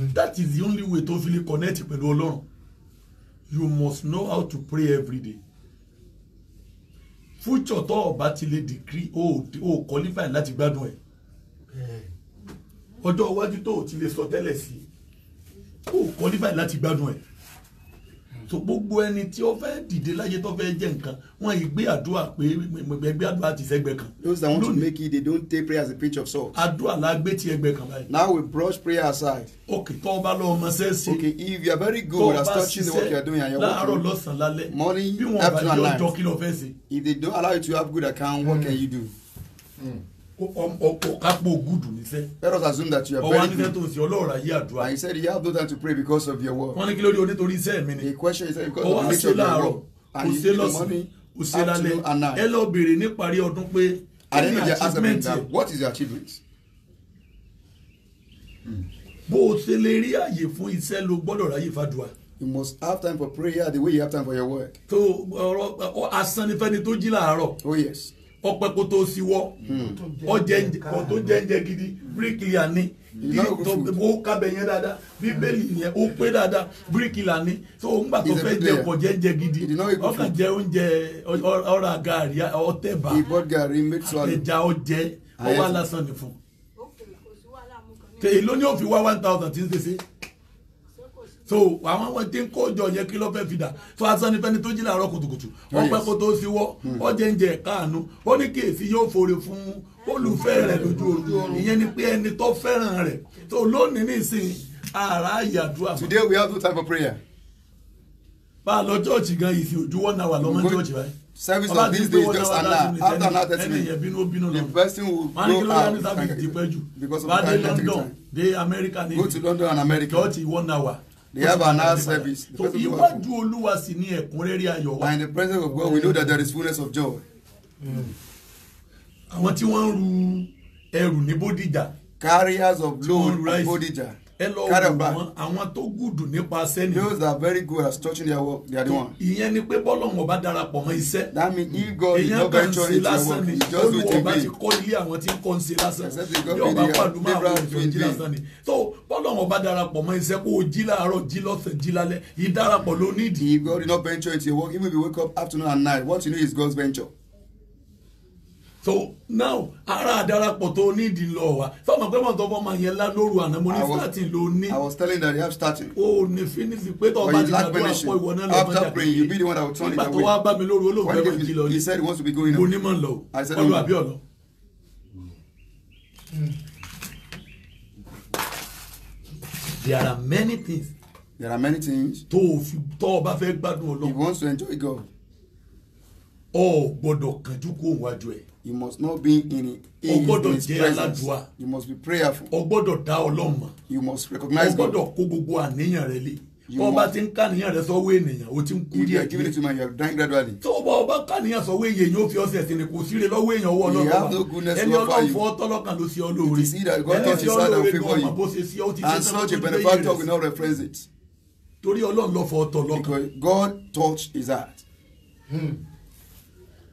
Mm-hmm. that is the only way to fi connect pẹ̀lú ọlọ́run you must know how to pray every day future tó o bá ti lè decree o o qualify láti gbádùn ẹ̀ ọjọ́ iwájú tó o ti lè sọ tẹ́lẹ̀ sí o qualify láti gbádùn ẹ̀ so gbogbo ẹni tí ó fẹ́ dìde láyé tó fẹ́ jẹ́ nǹkan wọ́n yìí gbé àdúrà pé ẹgbẹ́ àdúrà ti sẹ́gbẹ́ kan. those that want to make it they don't take prayer as a pinch of salt. àdúrà la gbé ti ẹgbẹ́ kan báyìí. now we brush prayer aside. okay tó o bá lọ ọmọ sẹ́ẹ̀sì. okay if you are very good at touching the work you are doing and your work. láàárọ̀ lọ́sàn-án lálẹ́. morning afternoon and night. bí wọ́n bá yọ ọjọ́ kí lọ fẹ́ ṣe. if they don't allow you to have good account what hmm. can you do. Mm ọkàpọ̀ gùdù níṣẹ́. let us assume that you are very good. ọwọ́ anífẹ́ tó ń ṣe ayé àdúrà. and he said you have no time to pray because of your work. wọ́n ní kí ló dé onítorí iṣẹ́ mi ni. the question is because of the nature of your work. and you need the money afternoon and night. ẹ lọ béèrè níparí ọdún pé. and then you ask them now what is your achievement. Hmm. bó o ṣe lè rí àyè fún iṣẹ́ ló gbọ́dọ̀ ráyè fàdùà. you must have time for prayer the way you have time for your work. tó ọ̀rọ̀ asán tó jí láàárọ̀. oh yes ọpẹ kó tó síwọ ọjẹ hmm. tó jẹjẹ gidi bíríkìlà ni ó kábẹ yẹn dáadáa bíbélì yẹn ó pé dáadáa bíríkìlà ni tó ń gbà tó fẹ́ jẹ ọkọ jẹjẹ gidi ọkàn jẹ oúnjẹ ọ̀rà gàrí ọtẹ̀bà àtẹjà ọjẹ ọwọ́ alásán nìfún. èyí ló ní òfin wá one thousand tí ń ṣe so àwọn ọmọ tí ń kójọ yẹ kí ló fẹ́ fi dà so asán tó jí làárọ̀ kùtùkùtù ọpẹ́ kó tó ṣíwọ́ ọjẹ́ hmm. ń jẹ káàánú ó ní kèsì yóò fòrè fún olùfẹ́ rẹ̀ lójú oorun ìyẹn ni pé ẹni tó fẹ́ràn rẹ̀ so lónìí nísìnyí ara àyàdúrà. today we have no time for prayer. bá a lọ chọ́ọ̀chì gan ìsìn ojú wọ́n náà wà lọ́mọ chọ́ọ̀chì báyìí service of this day is just an hour after now thirty minutes the person will go out because of the time go to London and America. church one hour They have an hour service. So iwájú Olúwa sì ni ẹ̀kúnrẹ́rẹ́ ayọ̀ And in the presence of God we know that there is fullness of joy. Hmm. Àwọn tí wọ́n ń ru ẹrù ní Bódìjà. Carriers of load at Bódìjà ẹ lọ wò àwọn tó gùdù nípa sẹ́ni. those that are very good at stretching their work they are the one. ìyẹn ni pé bọ́lọ̀wọ̀n bá darapọ̀ mọ́ iṣẹ́. that means if God is not going to reach your work he just do it again. ti kọ́ ilé àwọn tí ń kọ́ ṣe lásán ní ọba pàdùmọ́ àwọn òjò jí lásán ni. so bọ́lọ̀wọ̀n bá darapọ̀ mọ́ iṣẹ́ kó o jí láàárọ̀ jí lọ́sẹ̀ jí lálẹ́ ìdarapọ̀ ló nídìí. if God is not venture into your work even if you wake up afternoon and night what you know is God's venture so now ara àdarapọ̀ tó ní ìdí lọ wa fáwọn akẹ́kọ̀ọ́ tó fọ́ máa yẹn lá lóru àná mo ní starting ló ní. I was telling that you have starting. o ò ní finisi pé tó bá ti gbàdúrà pọ̀ ìwọ náà lọ́mọdé after praying you be the one that will turn it nígbà tó wá bá mi lóru olóògbé ló ti lọ he said he wants to be going now. mo ní mọ̀ lọ ọlọ àbí mm. there are many things. there are many things. tó o fi tó o bá fẹ́ gbádùn Ọlọ́run. he wants to enjoy God o ò gbọ́dọ̀ kánjú wájú ẹ̀. you must not be in a o gbọ́dọ̀ jẹ́ aládùúwà. you must be prayerful. o gbọ́dọ̀ dá Ọlọ́run mọ̀. you must recognize God. o gbọ́dọ̀ kó gbogbo àníyàn rẹ lé bọ́ bá ti ń kàníyàn rẹ sọ́wọ́ ènìyàn o ti ń kú díẹ̀ díẹ̀ tó bọ́ bá kàníyàn sọ́wọ́ èyàn yóò fi ọ̀sẹ̀ sí ni kò sí rẹ lọ́wọ́ èyàn owó ọlọ́kọ̀ọ́ba ẹni ọlọ́run fọ́ tọ́lọ́kàn ló ṣe ọ lóore ẹni tí ọlọ́run ló ọmọ bó ṣe sí ọ ti ṣe tán ló ṣe yẹrẹ sí torí ọlọ́run ló fọ́ tọ́lọ́kàn. God touched his heart. Hmm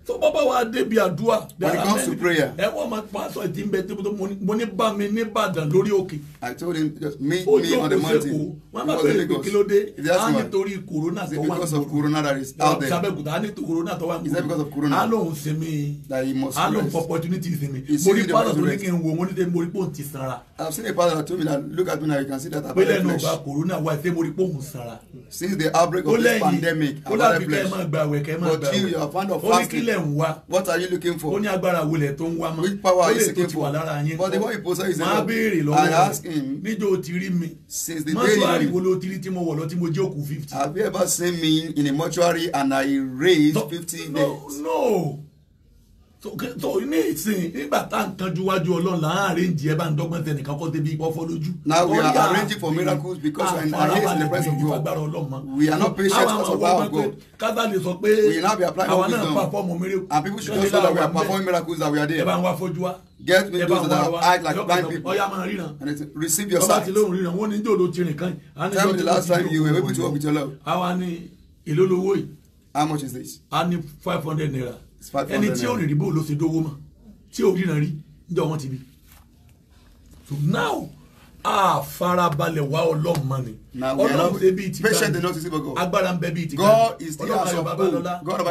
tó bá bá wa débi àdúrà. when it comes to prayer. ẹ wọ́n máa pa aṣọ ìdí mbẹ tó mo ní bá mi ní Ìbàdàn lórí òkè. I told him just meet me on the mountain. wọ́n máa bẹ̀rẹ̀ pé kí ló dé á nítorí corona tó wà. is it because of corona that is out there. sàbẹ̀kùtà á nítorí corona tó wà. is it because of corona. á lóun sinmi. that he must rest. á lóun opportunity sinmi. he see the best rest. mo rí wo mo ní tẹ́ mo rí ti sanra. I have seen a pastor that told me that look at me now you can see that I have a flesh. pé lẹ́nu ọba corona wa ẹ̀ tẹ́ mo rí pòun sanra. since the outbreak of this pandemic I have flesh. you are fond of fasting ń wá. what are you looking for. ó ní agbára wo lẹ̀ tó ń wá mọ́. which power are you seeking for. ó lè tó ti wà lára yín. but the one you possess is enough. máa béèrè lọ́wọ́ rẹ̀ ask him. ti rí mi. since the day you marry. mọ́ṣúárì ló ti rí tí mo wọ̀ lọ tí mo jẹ́ òkú fifty. have you ever seen me in a mortuary and I raised fifty no, days. no no tó ní ìsìn nígbà tá à ń kanjú wájú ọlọ́run là ń arrange ẹ bá ń dọ́gbọ́n tẹ nìkan kọ́ débi ìpọ́fọ́ lójú. now we are arranging for miracles because we are in our in the presence of God we are not patient because of our God kátà lè sọ pé we now be applying for wisdom and people should know that we are performing miracles that we are there. get me those that act like blind people and it's, receive your sight. tell me the last time you were able to work with your love. how many èló how much is this. a ní five hundred naira ẹni tí ó rìn ríbò ló ti dówó mọ̀ tí ó ríran rí níjọ́ wọn ti bí so now a farabalẹ̀ wá ọlọ́run mọ́ ni ọlọ́run ṣe bíi ti gbani agbára ń bẹ bíi ti gbani ọlọ́run ayọ̀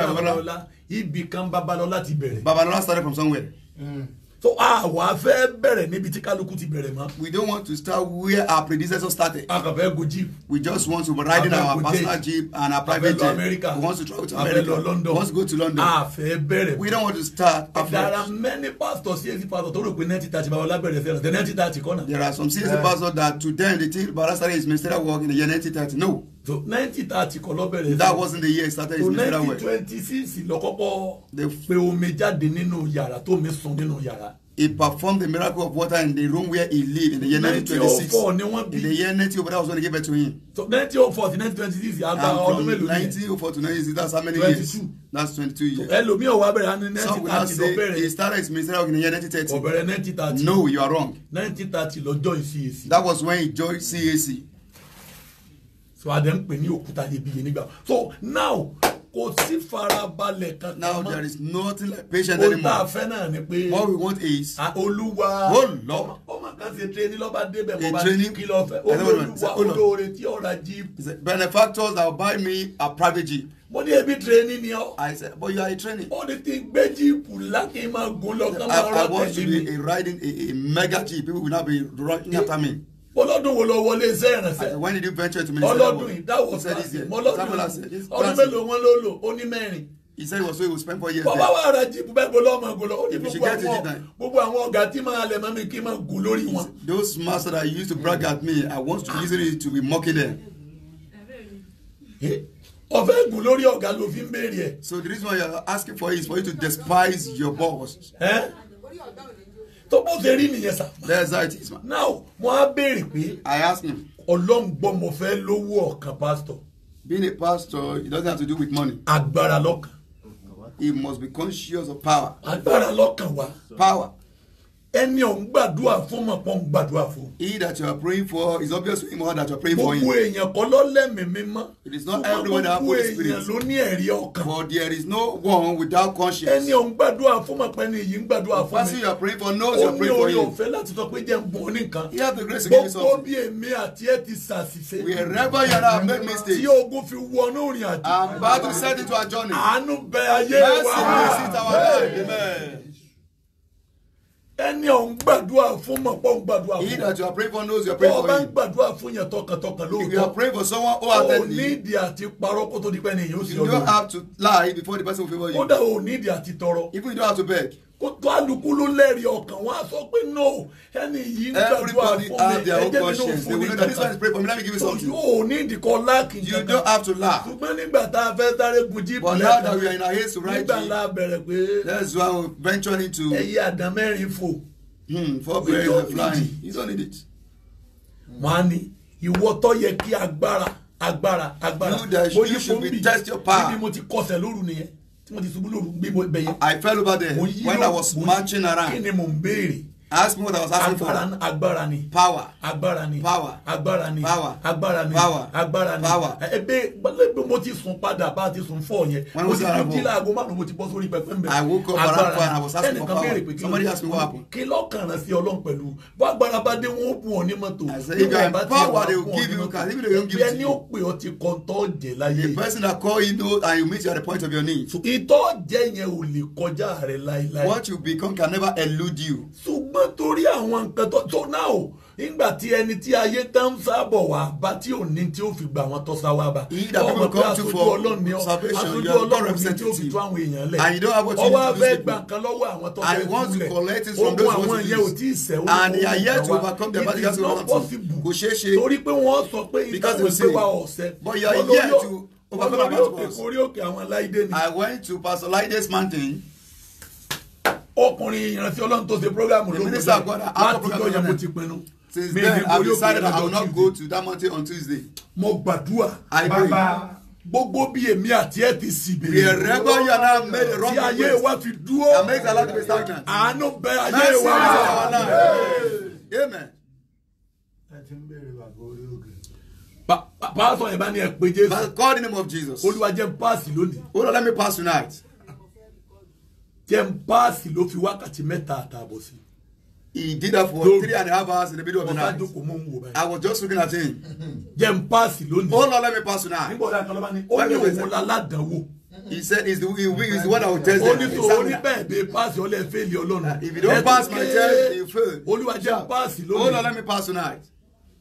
babalọ́lá ibi kan babalọ́lá ti bẹ̀rẹ̀. babalọ́lá started from somewhere. Mm so àwa fẹ́ bẹ̀rẹ̀ níbi tí kálukú ti bẹ̀rẹ̀ mọ́. we don't want to start where our predecessor started. a kàn fẹ́ go jeep. we just want to ride in our personal jeep and our private jet. America. we want to travel to America. America. London. we want to go to London. a fẹ́ bẹ̀rẹ̀. we don't want to start afresh. there are many pastors CAC pastors tó rò pé ninety thirty bàbá ọlábẹ̀rẹ̀ fẹ́ràn the ninety thirty kọ́nà. there are some CAC pastors that to them they think barasa is ministerial work in the year ninety thirty no so ninety thirty kọ́ ló bẹ̀rẹ̀. that wasn't the year he started his ministerial work. so nineteen twenty six lọ́kọ́kọ́ pé omi jáde nínú yàrá tó mi sùn nínú yàrá. he performed the miracle of water in the room where he lived in the year 1926. 1904 ni in the year 1904 that was when they gave birth to him. so 1904 to 1926 àgbà ọdún mélòó ni. and from 1904 to 1926 that's how many 22. years. that's 22 years. ẹlòmíì ọ̀wá bẹ̀rẹ̀ ní 1930 lọ bẹ̀rẹ̀. some will now say he started his ministerial work in the year 1930. ọ̀bẹ̀rẹ̀ 1930. no you are wrong. 1930 lọ join CAC. that was when he joined CAC so adé ń pè ní òkúta iyebíye nígbà so now kò sí farabalẹ̀ kankan mọ́. now there is nothing like patient anymore. ó ta fẹ́ náà ni pé. what we want is. olúwa olùlọ. Oh, ọmọ kan ṣe training lọ́ba débẹ̀ mo bá ní kí lọ fẹ́. olúwa olóore tí ọ̀rá jí. benefactors that buy me a private jeep mo ní ebi training ni ọ. I said but you are a training. ó ní ti gbé jíìpù lákì máa gun lọ I want to be a riding a, a mega jeep people will not be running after me ọlọ́dún wo lọ wọlé iṣẹ́ ìrìnsẹ̀. when did you venture to minister that one. ọlọ́dún ìdáwọ̀ sàṣẹ mọ́lọ́dún ọdún mélòó wọn ló lò ó ní mẹ́rin. he said it was so he would spend four years there. bọ́bá wà rà jíìpù bẹ́ẹ̀ bọ́ lọ́mọ ẹ̀gọ́ ó ní gbogbo àwọn gbogbo àwọn ọ̀gá tí máa lẹ̀ mọ́ mi kí máa gùn lórí wọn. those masters that used to brag at me I want to use it to be mocking them. ọ̀fẹ́ gùn lórí ọ̀gá ló fi ń béèrè ẹ̀. so the reason why you are asking for it is for you to despise your boss. Eh? tó bó ṣe rí nìyẹn sá. that's how it is ma. now mo á béèrè pé. I ask him. ọlọ́ngbọ́n mo fẹ́ lówó ọ̀kan pastor. being a pastor it doesn't have to do with money. agbára lọ́kàn. he must be conscious of power. agbára lọ́kàn wa. power ẹni ọ̀hún gbàdúrà fún mọ̀ pọ̀ ń gbàdúrà fún. he that you are praying for is obviously more that you are praying for him. gbogbo èèyàn kọ́ ló lẹ́mìí it is not everyone that have the spirit. gbogbo èèyàn ló ní ẹ̀rí ọkàn. but there is no one without conscience. ẹni ọ̀hún gbàdúrà fún mọ̀ pẹ́ ni èyí ń gbàdúrà fún mi. the person you are praying for knows you are praying for him. ó ní orí ọ̀fẹ́ láti sọ pé jẹ́ bọ̀ nìkan. he has the grace to give you something. gbogbo bí èmi àti ẹ ti ṣàṣìṣe. wherever you make mistakes. tí ogun fi wọnú ìrìn àjò. I'm about to set into a journey. àánú bẹ ayé wa. mercy visit our life. amen ẹni ọ̀hún gbàdúrà fún mọ̀ pọ̀ ń gbàdúrà fún. he that you are praying for knows you are praying for him. ọba ń gbàdúrà fún yẹn tọkàntọkàn lóòótọ́. if you are praying for someone who has ten d. àti parọ́ kó tó di pé ẹni yóò ṣe ọdún. you don't have to lie before the person will favour you. kódà o ní ìdí àti tọrọ. even you don't have to beg kó tó àlùkù ló lẹ́rìí ọkàn wọn á sọ pé no ẹni yìí ń gbàdúrà fún mi ẹjẹ mi náà fún mi so you ò ní ìdíkọ láàkì kankan you don't have to laugh ṣùgbọ́n nígbà tá a fẹ́ sáré gun jíìpì lẹ́kọ̀ọ́ but now that we are in our haste to ride nígbà la bẹ̀rẹ̀ pé that's why we venture into ẹyẹ àdán mẹ́rin fò hmm, four birds are flying you don't need it. wọ́n á ní ìwọ tó yẹ kí agbára agbára agbára mo yí fún mi ibi mo ti kọsẹ̀ lóru nìyẹn tí mo ti ṣubú lóru gbé bẹ́yẹn. I fell over there when I was marching around. kí ni mò ń béèrè ask me what I was asking for. agbára ni. power. agbára ni. power. agbára ni. power. agbára ni. power. agbára ni. power. ebe gbẹlẹgbẹ mo ti sùn padà bá a ti sùn fọ yẹn. when was that about. mo ti jí láago márùn mo ti bọ́ sórí pẹpẹ mbẹ. I woke up around four and I was asking for power. somebody ask me what happened. kí lọ́kàn rẹ̀ sí ọlọ́run pẹ̀lú bó agbára bá dé wọn ó bu ọ ní mọ́tò. I say if you are in power they will give you car if they don't give you. ẹni ó pè ọ ti kọ ntọ́ jẹ láyé. the person that call you know and you meet you at the point of your need. ìtọ́ jẹ yẹn ò lè kọjá rẹ̀ láéláé. what you become can never elude you ṣùgbọ́n torí àwọn nǹkan tó tó náà o nígbà tí ẹni tí ayé tán ń sábọ̀ wá bá tí ò ní tí ó fi gbà wọn tó wá bá ọmọ pé aṣojú ọlọ́run ni ọ ọlọ́run ni tí ó fi tó àwọn èèyàn lẹ̀ ọwọ́ abẹ́ gbà kan lọ́wọ́ àwọn tó fẹ́ ogun àwọn yẹn ò tí ì sẹ́ owó I went to Pastor Laide's mountain ọkùnrin ìrántí ọlọ́run tó ṣe program ló ń láti jọ yẹn mo ti pinnu. since then i decided i will not go to that mountain on tuesday. mo gbàdúrà bàbá gbogbo bí èmi àti ẹ ti sì bèrè. the regular year now made a wrong choice. ti ayé wa fi dúró. and make allah to be stagnant. àánú bẹ ayé wa. amen. ẹ ti ń bèrè bàbá yẹn bá ní ẹ pé jésù. call the name of jesus. olúwa pass lónìí. olúwa let me pass tonight jẹ́ǹbáàsì ló fi wákàtí mẹ́ta àtààbọ̀ sí. He did that for Lord. three and a half hours in the middle of the night. I was just looking at him. jẹ́ǹbáàsì ló ní. Oh Lord, let me pass now. nígbà ọ̀la ìkọlọ́ba ni ó ní òun láládàáwò. He said he's the, he, he's the one that will test them. Oni to oni bẹ́ẹ̀ bẹ́ẹ̀ paasi ọlẹ́ fẹ́ẹ̀lì ọlọ́run. If you don't pass my test, you fail. Olúwa jẹ́ paasi lónìí. Hold on, let me pass tonight.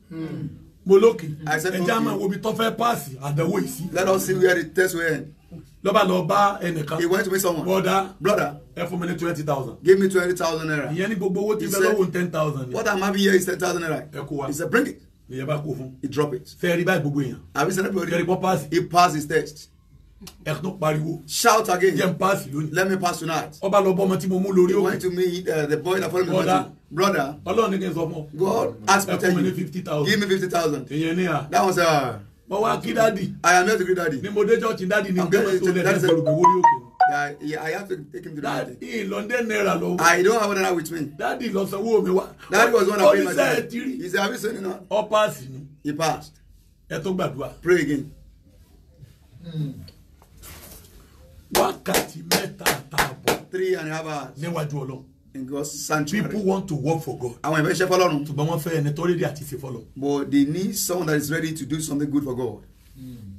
Hmm. Mo lókè. I said mo lókè. Ẹ jẹ́ àmọ́ wo mi tọ́ fẹ́ paasi àdánwò yìí Let us see where the test will end lọ́ba lọ bá ẹnìkan. he went to meet someone. broda broda. ẹ fún mi ní twenty thousand. give me twenty thousand naira. ìyẹn ní gbogbo owó tí bẹ́ẹ̀ lọ́wọ́ ten thousand. what am I having here is ten thousand naira. ẹ kó wa. he said bring it. ìyẹn bá kó fún. he drop it. fẹ́ẹ̀rí báyìí gbogbo èèyàn. àbí sẹ́ni pé o rí. fẹ́ẹ̀rí bọ́ pass. he pass his test. ẹ tún pariwo. shout again. jẹ́ n pass lónìí. let me pass tonight. ọba lọ bọ́ ọmọ tí mo mú lórí òkè. he went to meet uh, the boy that follow me. broda broda. ọlọ́run ní kí n sọ fún ọ. God ask me to tell you. fifty thousand. give me fifty thousand. ìyẹn ní à. that was. Uh, mo wá kí dádì. i am not a great daddy. ni mo dé church dádì ni gbẹ́mọ̀ tó lẹ́nu ìgbàlùkù wórí òkè. That, yeah, I have to take him to the. I don't have that with me. Daddy lọ sanwó mi wá. Daddy was one of paid my debt. He said, have you seen him?" now? Ó He passed. Pray again. Hmm. Wákàtí Three and a half hours in God's sanctuary. People want to work for God. Àwọn ìfẹ́ iṣẹ́ fọlọ́run. Ṣùgbọ́n wọ́n fẹ́ ẹni tó rédí àti ṣe fọlọ́. But they need someone that is ready to do something good for God. Hmm.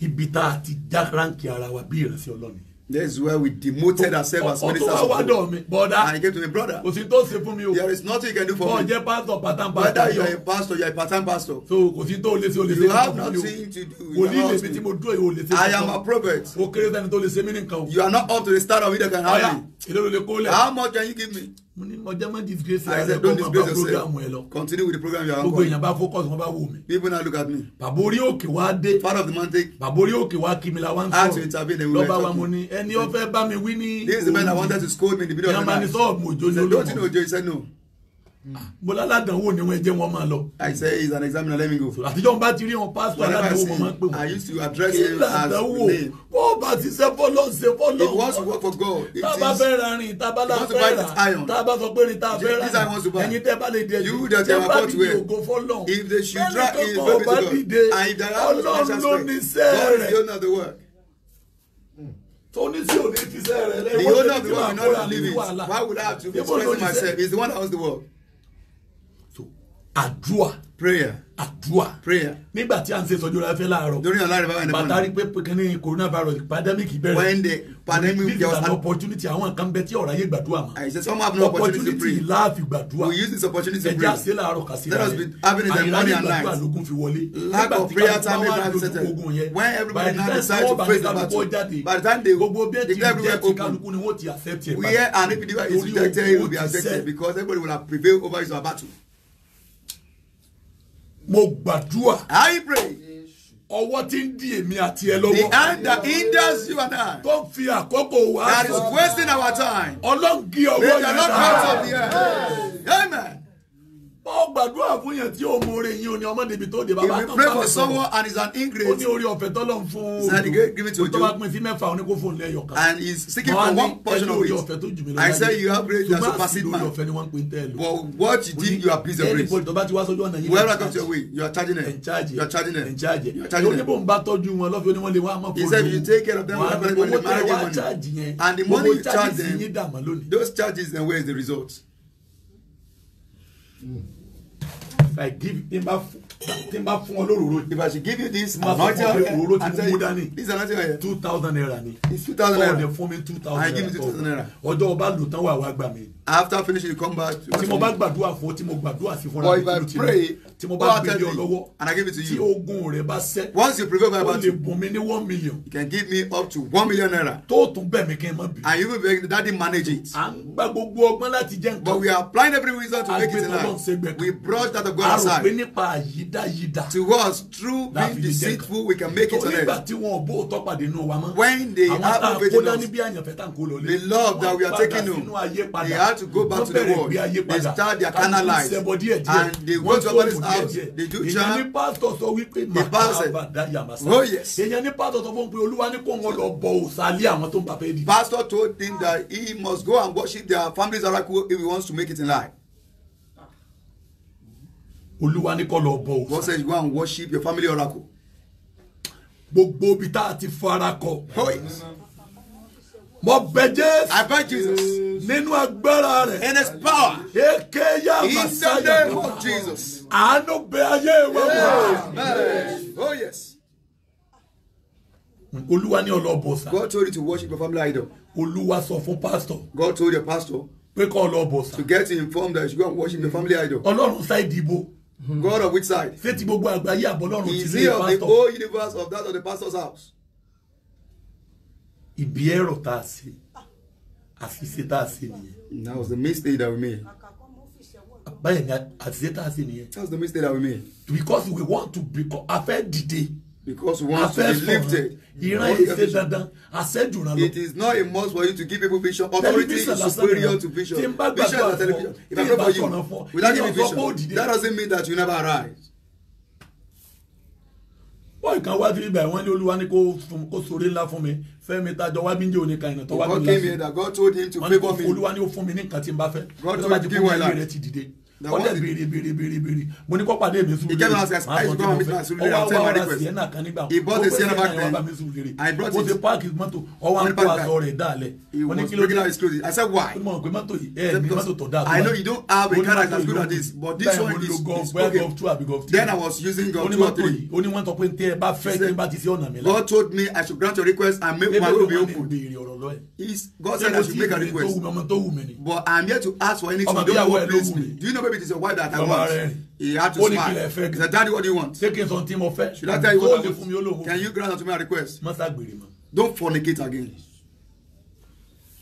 Ibi tá a ti já ránkì ara wa bí ìrẹsì Ọlọ́run. That's is where we demoted ourselves as ministers of God. and he came to me brother. kò sí tó ṣe fún mi there is nothing you can do for me. whether you are a pastor you are a patan pastor. so kò sí tó o lè you have nothing to do with your husband. I am a prophet. you are not up to the start of it that can happen. how much can you give me mo ní mo mọ́ disgrace ẹ̀ kó máa bá program ẹ lọ continue with the program you are on gbogbo èèyàn bá focus wọn bá wò mí. people now look at me. bàbá orí òkè wá dé. part of the mountain. bàbá orí òkè wá kí mi ń sọ. how lọ́ba wa mo ní ẹni ó fẹ́ bá mi wí ní. this is the man that wanted to scold me in the middle of the night. yamani sọ mojo ni olùkọ́. don't you know ojo he said Ah, mo lálàdánwò ni wọn jẹ wọn máa lọ. I say it's an examiner let me go. àtijọ́ bá ti rí wọn pásítọ̀ aládàáwò mo máa ń pè wọ́n. I used to address him as name. bó bá ti ṣe fọlọ́ ṣe fọlọ́. he wants to work for God. tábà fẹ́ ra rìn tábà la fẹ́ ra tábà sọ pé rìn tábà fẹ́ ra ẹ̀yin tẹ́ bá lè dẹ̀ yìí tẹ́ bá dìde ògo fọlọ́. if the shudra is very big to God and if there are no chance for God is the owner of the work hmm. tóní tí ò ní fi sẹ́rẹ̀ lẹ́yìn wọ́n tẹ̀lé tí wàá kóra ní wàhálà. the owner of the work will not live it why would I have to be expressing myself he is the one that owns the work àdúà. prayer àdúà. prayer. nígbà tí a ń ṣe sọjú ọlá fẹ́ láàárọ̀. lórí ọ̀la rẹ̀ báwa ní bọ́ọ̀lù. bàtà rí pé kínní coronavirus pandemic bẹ̀rẹ̀. when the pandemic there was an opportunity àwọn kan bẹ tí ọ̀rọ̀ ayé gbàdúrà mọ́. I say some have no opportunity to pray. opportunity láàfin gbàdúrà. we use this opportunity to pray. ẹja ṣe láàárọ̀ kà sí rẹ̀. let us be having it in morning and night. àyíká lógun fi wọlé. lack of prayer time is not settled. when everybody now decide to praise the battle. by the time they declare everywhere open. where an individual is rejected he will be accepted because everybody will have prevailed over his battle mo gbàdúrà. I pray. Ọwọ́ tí ń di èmi àti ẹ lọ́wọ́. The hand that hinders you and I. Tó ń fi àkókò wá. That is wasting our time. Ọlọ́run gé ọwọ́ yẹn dára. May the Lord cut off the earth. Amen báwo gbàdúrà fún yẹn tí o mọ orin ní ọmọ débi tó de bàbá tó bá tó. if you pray for someone and is an ingrate. o ní orí ọ̀fẹ́ tọ́lọ̀ ń fún o. sadi give it to ojo. o tó bá pin sí mẹ́fà o ní kó fóun kan. and he is seeking for one portion of it. I say you have great and surpassing man. ṣùgbọ́n àti lórí ọ̀fẹ́ ni wọ́n ń pin tẹ́ lọ. but what you did you are pleased of grace. ẹnì tó bá ti wá sójú ọ̀nà yìí. wherever comes your way you are charging them. you are charging them. you are charging them. oníbò ń bá tọ́jú wọn lọ́fẹ̀ẹ́ ni wọ́n he said you take care of them well well well well and the money you charge them those charges then where is the result if i give tí n bá tí n bá if i should give you this anointing oil òróró tí mo mú dání this anointing oil two thousand naira ni it's two thousand naira ọ̀dẹ̀ fún mi two thousand naira i give you two thousand naira ọjọ́ ọba lò tán wà wá gbà mí. after finishing you come back. tí mo bá gbàdúrà fún ọ tí mo gbàdúrà sí fúnra mi kí if i pray tí mo bá gbé ọ lọ́wọ́ tí ogun rẹ bá ṣẹ́ once you prevail my battle o lè bùn mí ní one million you can give me up to one million naira tó o tún bẹ̀ mí kí n má bí. and you will be daddy manage it. à ń gba gbogbo ọgbọ́n láti jẹ́ nǹkan. but we are applying every reason to make it in life we brush that of God aside. àròpé nípa àyídáyídá. to us true, being deceitful we can make it on earth. nígbà tí wọn ò bó òótọ́ pàdé inú wa mọ́. when they have no faith in us. àwọn tá a kó dání bí the love that we are taking home they had to go back to the world they start their carnal life and they want somebody's have they ní pásítọ̀ sọ wípé màkà àbàdá yàmásá oh ní pásítọ̀ sọ fún pé olúwa ní kó wọn lọ bọ òsàlẹ̀ àwọn tó ń bàbá ẹbí. pastor told him that he must go and worship their family's oracle if he wants to make it in life. olúwa ní kó lọ bọ òsàlẹ̀. God said go and worship your family oracle. gbogbo ibi tá a mo bẹ jésù. I beg Jesus. nínú agbára rẹ̀. in his power. eke ya masaya. in the name of Jesus. àánú bẹ ayé wa wá. oh yes. olúwa ní ọlọ́bọ̀ sá. God told you to worship your family idol. olúwa sọ fún pastor. God told your pastor. pé kọ́ ọlọ́bọ̀ sá. to get informed that you should go and worship your family idol. ọlọ́run sá ìdìbò. God of which side? Ṣé ti gbogbo àgbáyé àbọ̀lọ́run ti lé pastor? Is he of the whole universe of that of the pastor's house? ibi ẹ̀rọ tá a ṣe àṣìṣe tá a nìyẹn. that was the mistake that we made. báyẹn ni àṣìṣe tá a ṣe nìyẹn. that was the mistake that we made. because we want to be a fẹ́ dìde. because we want to be lifted. ìran èsè dandan àṣẹjù ràn lọ. it is not a must for you to give people vision authority is superior to vision vision na television if i pray for you without giving vision that doesn't mean that you never arise bọ́ọ̀ ìkan wá sí ibà wọ́n ní olúwa ní kó ṣoore ńlá fún mi fẹ́mi tájọ wá bíjẹ́ òní kan ìnà tó wá bí lásìkò wọ́n ní olúwa ní ó fún mi ní nǹkan tí n bá fẹ́ tó bá ti fún ní ìrẹ́ dìde wọ́n dẹ̀ béèrè béèrè béèrè béèrè mo ní kó pàdé mi sùúrù lérè máa sọ jẹ́ mi sùúrù lérè ọwọ́ àwọn ará sienna kan nígbà wọ́n pèsè sienna yẹn wọ́n bá mi sùúrù lérè o ti páàkì mọ́tò ọwọ́ àpò àtọ rẹ̀ dálẹ̀ mo ní kí ló dé o mọ̀ pé mọ́tò yìí ẹ̀ ní mọ́tò I know you don't have a character that good as this but this one is okay then I was using gov two or three ó ní wọ́n tọ́ pé n tẹ́ ẹ bá fẹ́ kí n bá ti sí ọ̀nà mi la God told me I should grant your request and make my road be open God said I should make a request but I am here to ask for anything don't know please me do you know maybe it is a wife that I want. He had to smile. He said, Daddy, what do you want? Should I tell you what I want? Can you grant unto me a request? Don't fornicate again.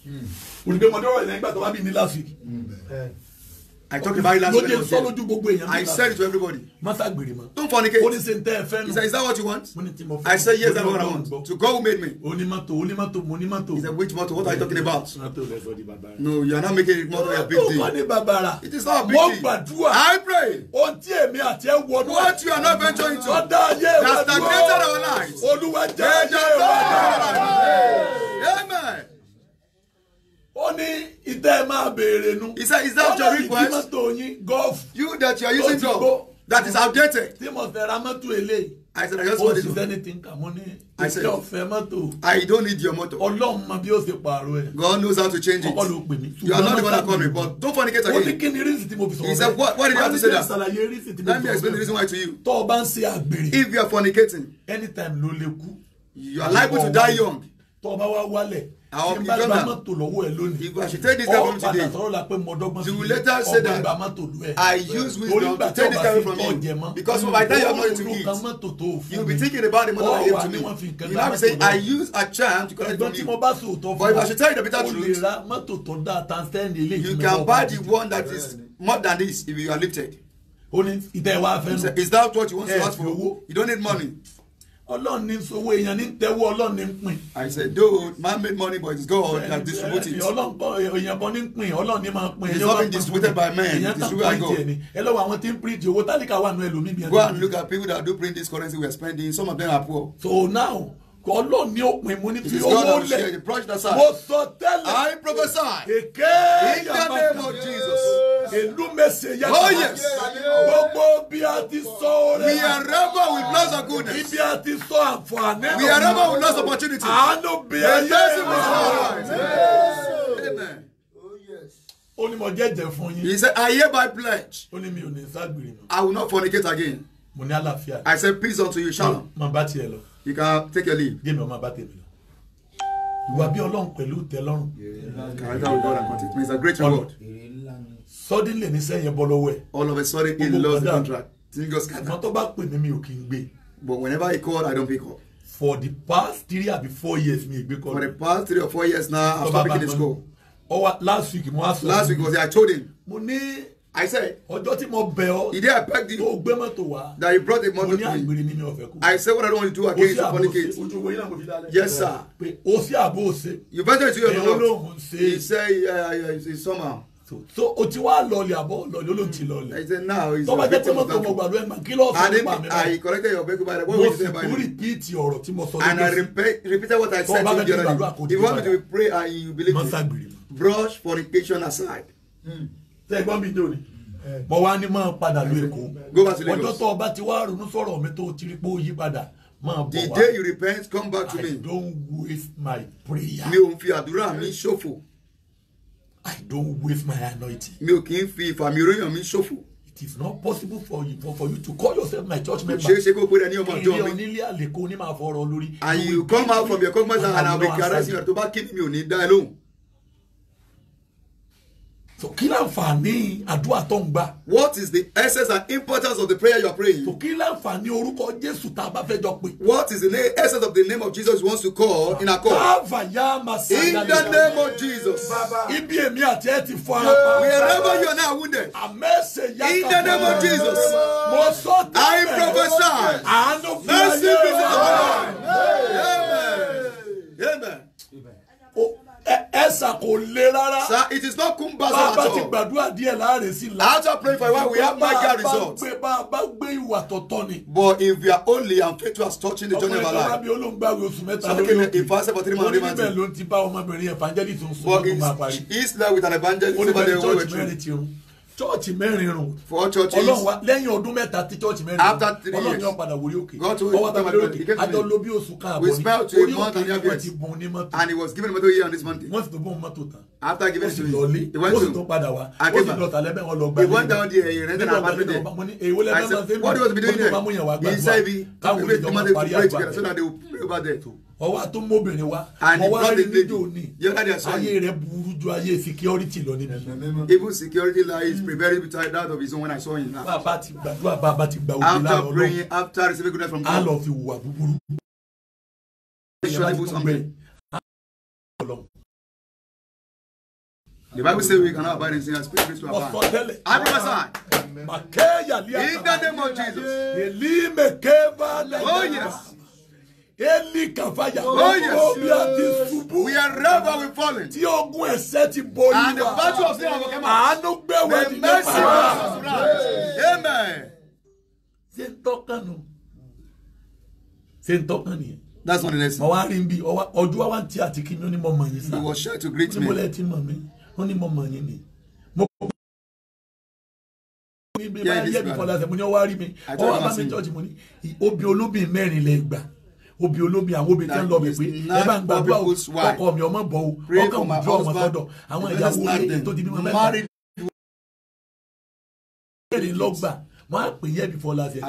Hmm. Olùgbé mọ̀dọ́rọ̀ ìlẹ́yìn gbàtọ́ wá bí ní last week. Hmm. I talked about it last week. Lóde sọ́lójú gbogbo èèyàn. I said it to everybody. Masa gbèrè ma. Don't fornicate. Ó ní ṣe ń tẹ́ ẹ fẹ́ nù. He said is that what you want? Mo ní tí mo fẹ́. I said yes that's what I want. To God who made me. Onímọ́tò onímọ́tò mo He said which mọ́tò what are you talking about? No you are not making it mọ́tò your big deal. Mọ́tò ní bàbá It is not a big deal. Wọ́n gbàdúrà. I pray. Ohun tí èmi àti ẹ wọnú. What you are not venturing into. Ọ̀dà ayé wa That's the creator of our lives. Olúwa ayé wa Amen ó ní ìtẹ́ máa béèrè nu. he said is that your request. ó lè ní yín golf. you that you are using golf that is outdated. tí mo fẹ́ ra mọ́tò eléyìí. I said, I just want to. anything come on I said, I don't need your motto. Ọlọ́run mọ bí ó ṣe pààrọ̀ ẹ̀. God knows how to change it. Ọkọ pè mí. You are not the one that called me, but don't fornicate again. Ó ní kí ni reason tí mo fi sọ̀rọ̀ rẹ̀. He said, what, why did you have to say that? Ṣàlàyé reason tí mo fi sọ̀rọ̀ rẹ̀. Let me explain the reason why to you. Tọ́ ọ bá ń ṣe àgbèrè. If you are fornicating. Anytime ló lè kú. You are liable to die young. Tọ́ ọ bá wá wálẹ̀ àwọn ìjọba ìgbà she take this time from today she will later that I use wisdom to take this time from you because by the time you are going to eat you be thinking about the money I gave to me you now be say I use a charm to collect from you but if I should tell you the bitter truth you can buy the one that is more than this if you are lifted is that what you want to ask for you don't need money ọlọ́run ní sowó èèyàn ní tẹ́wọ́ ọlọ́run ní pín. I said though man made money but it's God that distribute ọlọ́run kọ èèyàn kan ní pín ọlọ́run ní máa pín. it's not been distributed by men it is through God. ẹ lọ́wọ́ àwọn tí ń print owó tálíkà wà nù ẹlòmíì go and look at people that do print this currency we are spending some of them are poor. so now Ọlọ́run ní òpin mo ní fi owó lẹ̀. Mo sọ tẹ́lẹ̀. I prophesy. Èké yàrá ìlú mẹ́sẹ̀ yàrá. Oh yes. Gbogbo bí a ti sọ oore. We are rebel with lots of goodness. Ibi a ti sọ àǹfààní. We are rebel with lots of opportunities. Àánú bí a The blessing was ours. Amen oh, ó ní mo jẹ́jẹ́ fún yín. he said i hereby pledge. ó ní mi ò ní ságbèrè i will not fornicate again. mo ní àlàáfíà. i said peace unto you shalom. mo bá tiẹ̀ lọ you can take your leave. jẹ́ mi ọmọ bá tèmi lọ. ìwà bí ọlọ́run pẹ̀lú tẹ́lọ́rùn. character with God and contentment is a great reward. suddenly ní sẹ́yìn bọ́ lọ́wọ́ ẹ̀. all of a sudden he lost the contract. tingo scatter. ìmọ̀tọ́ bá pè mí mi ò kí n gbé. but whenever he called I don't pick up. for the past three or four years mi ìgbé kọ́. for the past three or four years now I'm not picking this call. ọwọ́ last week mo wá sọ. last week was I told him. mo ní. I said. ọjọ́ tí mo bẹ̀ ọ́. the day I begged tó gbé mọ́tò wá. that you brought the motor to me. mo ní àgbèrè ni mi kú. I said what I don't want to do again is to fornicate. oṣù àbò ṣe ojú owó yín náà mo fi dálẹ̀. yes sir. pé o sí àbò ṣe. you better do your job. ẹ̀rọ ló ń ṣe. he say uh, uh, somehow so o ti wá lọlẹ àbọ lọlẹ olóhùn ti lọlẹ tó bá jẹ pé mo tó mo gbàdúrà ẹgbà kí lọ́ọ́ fún mi pa mi rẹ mo sì tún rìpíìtì ọ̀rọ̀ tí mo sọ lókè sí tó bá bẹ́ẹ̀ gbàdúrà kò tó bá bẹ́ẹ̀ brush fornication aside. Mm tẹ́ mi dòní mo wá ní máa padà lu èkó ọjọ́ tó ọba ti wá ronú sọ̀rọ̀ mi tó ti rí pé ó yí padà máa bọ̀ wá the day you repent come back to me I don't waste my prayer mi ò ń fi àdúrà mi ṣòfò I don't waste my anointing mi ò kì í fi ìfàmì oríyàn mi ṣòfò it is not possible for you for, for you to call yourself my church member. ṣe é ṣe kó gbé ní ọmọ ọjọ́ mi. ilé onílé àlèkò ní máa fọ̀rọ̀ lórí. and you come out from your conference and i will be caressing you to back in mi ò ní dá lóhùn so kí láǹfààní àdúrà tó ń gbà. what is the essence and importance of the prayer you are praying. so kí láǹfààní orúkọ Jésù tá a bá fẹ́ jọ pé. what is the name, essence of the name of Jesus you want to call in accord. bàbá ya masaya in the name of Jesus. bàbá ibi èmi àti ẹ ti fọ ara pa. wherever you are now wounded. àmẹ́sẹ̀ yàtọ̀ in the name of Jesus. mo sọ tẹ́lẹ̀. I prophesy. àánú fún ayé rẹ. mercy be to the ẹ̀sà kò le rárá. sir it is not kumbasa at all. bàbá ti gbàdúrà díẹ̀ láàrin sí la. after praying for a while we have mega results. bàbá gbé bàbá gbé ìwà tọ̀tọ̀ ni. but if we are only and faithful as touching the journey of our life. ọkùnrin ìjọba mi olóńgbàwé oṣù mẹ́ta lórí òkè. sọ́kè ìfàṣẹ for three months remain. oníbẹ̀ ló ti bá ọmọbìnrin evangelist ń sọ ọ́ tó máa parí. but he is like with an evangelist over there. oníbẹ̀ church mẹ́rin ti rún chọ́ọ̀chì mẹ́rin rùn ọlọ́run wa lẹ́yìn ọdún mẹ́ta tí chọ́ọ̀chì mẹ́rin rùn ọlọ́run yóò padà wòrí òkè ọwọ́ tá a wòrí òkè àjọ ló bí oṣù káàbọ̀ ni orí òkè ni wọ́n ti bùn ní mọ́tò wọ́n sì tó bùn mọ́tò tán after giving to me he went to akeba he went down there he rented an apartment there I said what he was be doing there he said he calculate the money to pray together so that they will pray over there too ọwọ́ àtún mọ́bìnrin wa ọwọ́ àrí níjó ni ayé rẹ̀ burú ju ayé security lọ níbi. even security la is preparing to tired out of his own when I saw him last. bàbá ti gbàdúrà bàbá ti gbà òbí láàrọ̀ lọ. after praying after receiving goodness from God. a lọ fi wùwà búburú. The Bible says we cannot abide in sin and spirit to abide. I prophesy. In the name of Jesus. Oh yes. Eli kafaya. Oh yes. Obi ati ṣubú. We are rather we fallen. Tí ogun ẹ̀ṣẹ̀ ti borí wa. And the battle of sin has come out. Àánú gbé wẹ̀ ní mẹ́fà. Amen. Ṣé n tọ́kàn nù? Ṣé n tọ́kàn nìyẹn? That's not the lesson. Mo wá rí ọjọ́ wa ti àti kí ni ó ní mọ̀ yín sá. You were sure to greet me. Ó ní mo lẹ́ mọ̀ mí. Ó ní mọ̀ yín ni. Mo kọ́ mi bí báyìí yẹ́ mi kọ́ lásẹ̀ mo ní ọwọ́ rí mi. Ọwọ́ bá jọ́ọ̀jì mo ní obì olóbì mẹ́rin lẹ́gbàá obì olómi àwọn obì tẹ́ ń lọ bẹ̀ pé ẹ bá ń gbàdúrà ọkọ mi ọmọ bọ̀ o ọkọ mi dúró ọmọ sọ́dọ̀ àwọn ìyàwó rẹ̀ tó ti bímọ mẹ́ta. ìbéèrè lọ́gbà máa pè yẹ́ before last year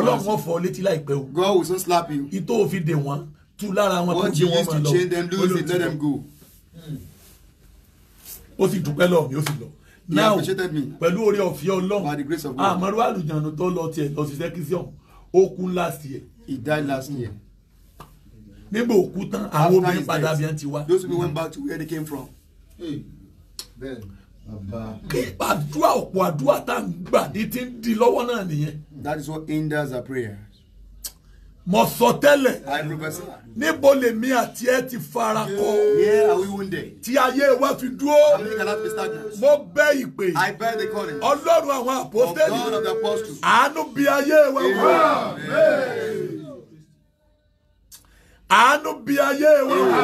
ọlọ́run wọn fọ létí láìpẹ́ o God will soon you. ìtò òfin dè wọ́n tú lára wọn tó gbé wọn máa lọ ó sì dúpẹ́ lọ́ọ̀ mi ó sì lọ now pẹ̀lú oore ọ̀fẹ́ ọlọ́run àmọ́rú àlùjánu tó lọ tiẹ̀ lọ sí sẹ́kísíọ̀n ó kú last year. he died last year nígbà òkú àwọn obìnrin padà bí wọ́n ti wá. those people went back to where they came from. kí àdúrà ọ̀pọ̀ àdúrà tá à gbà ní ti ń di lọ́wọ́ náà nìyẹn. that is what hinders our prayer. mo sọ tẹ́lẹ̀ níbo lèmi àti ẹ ti fara kọ tí ayé wa fi dúró mo bẹ ìpè ọlọ́run àwọn àpọ́tẹ́lì àánú bí ayé wa wọ àánú bí ayé wa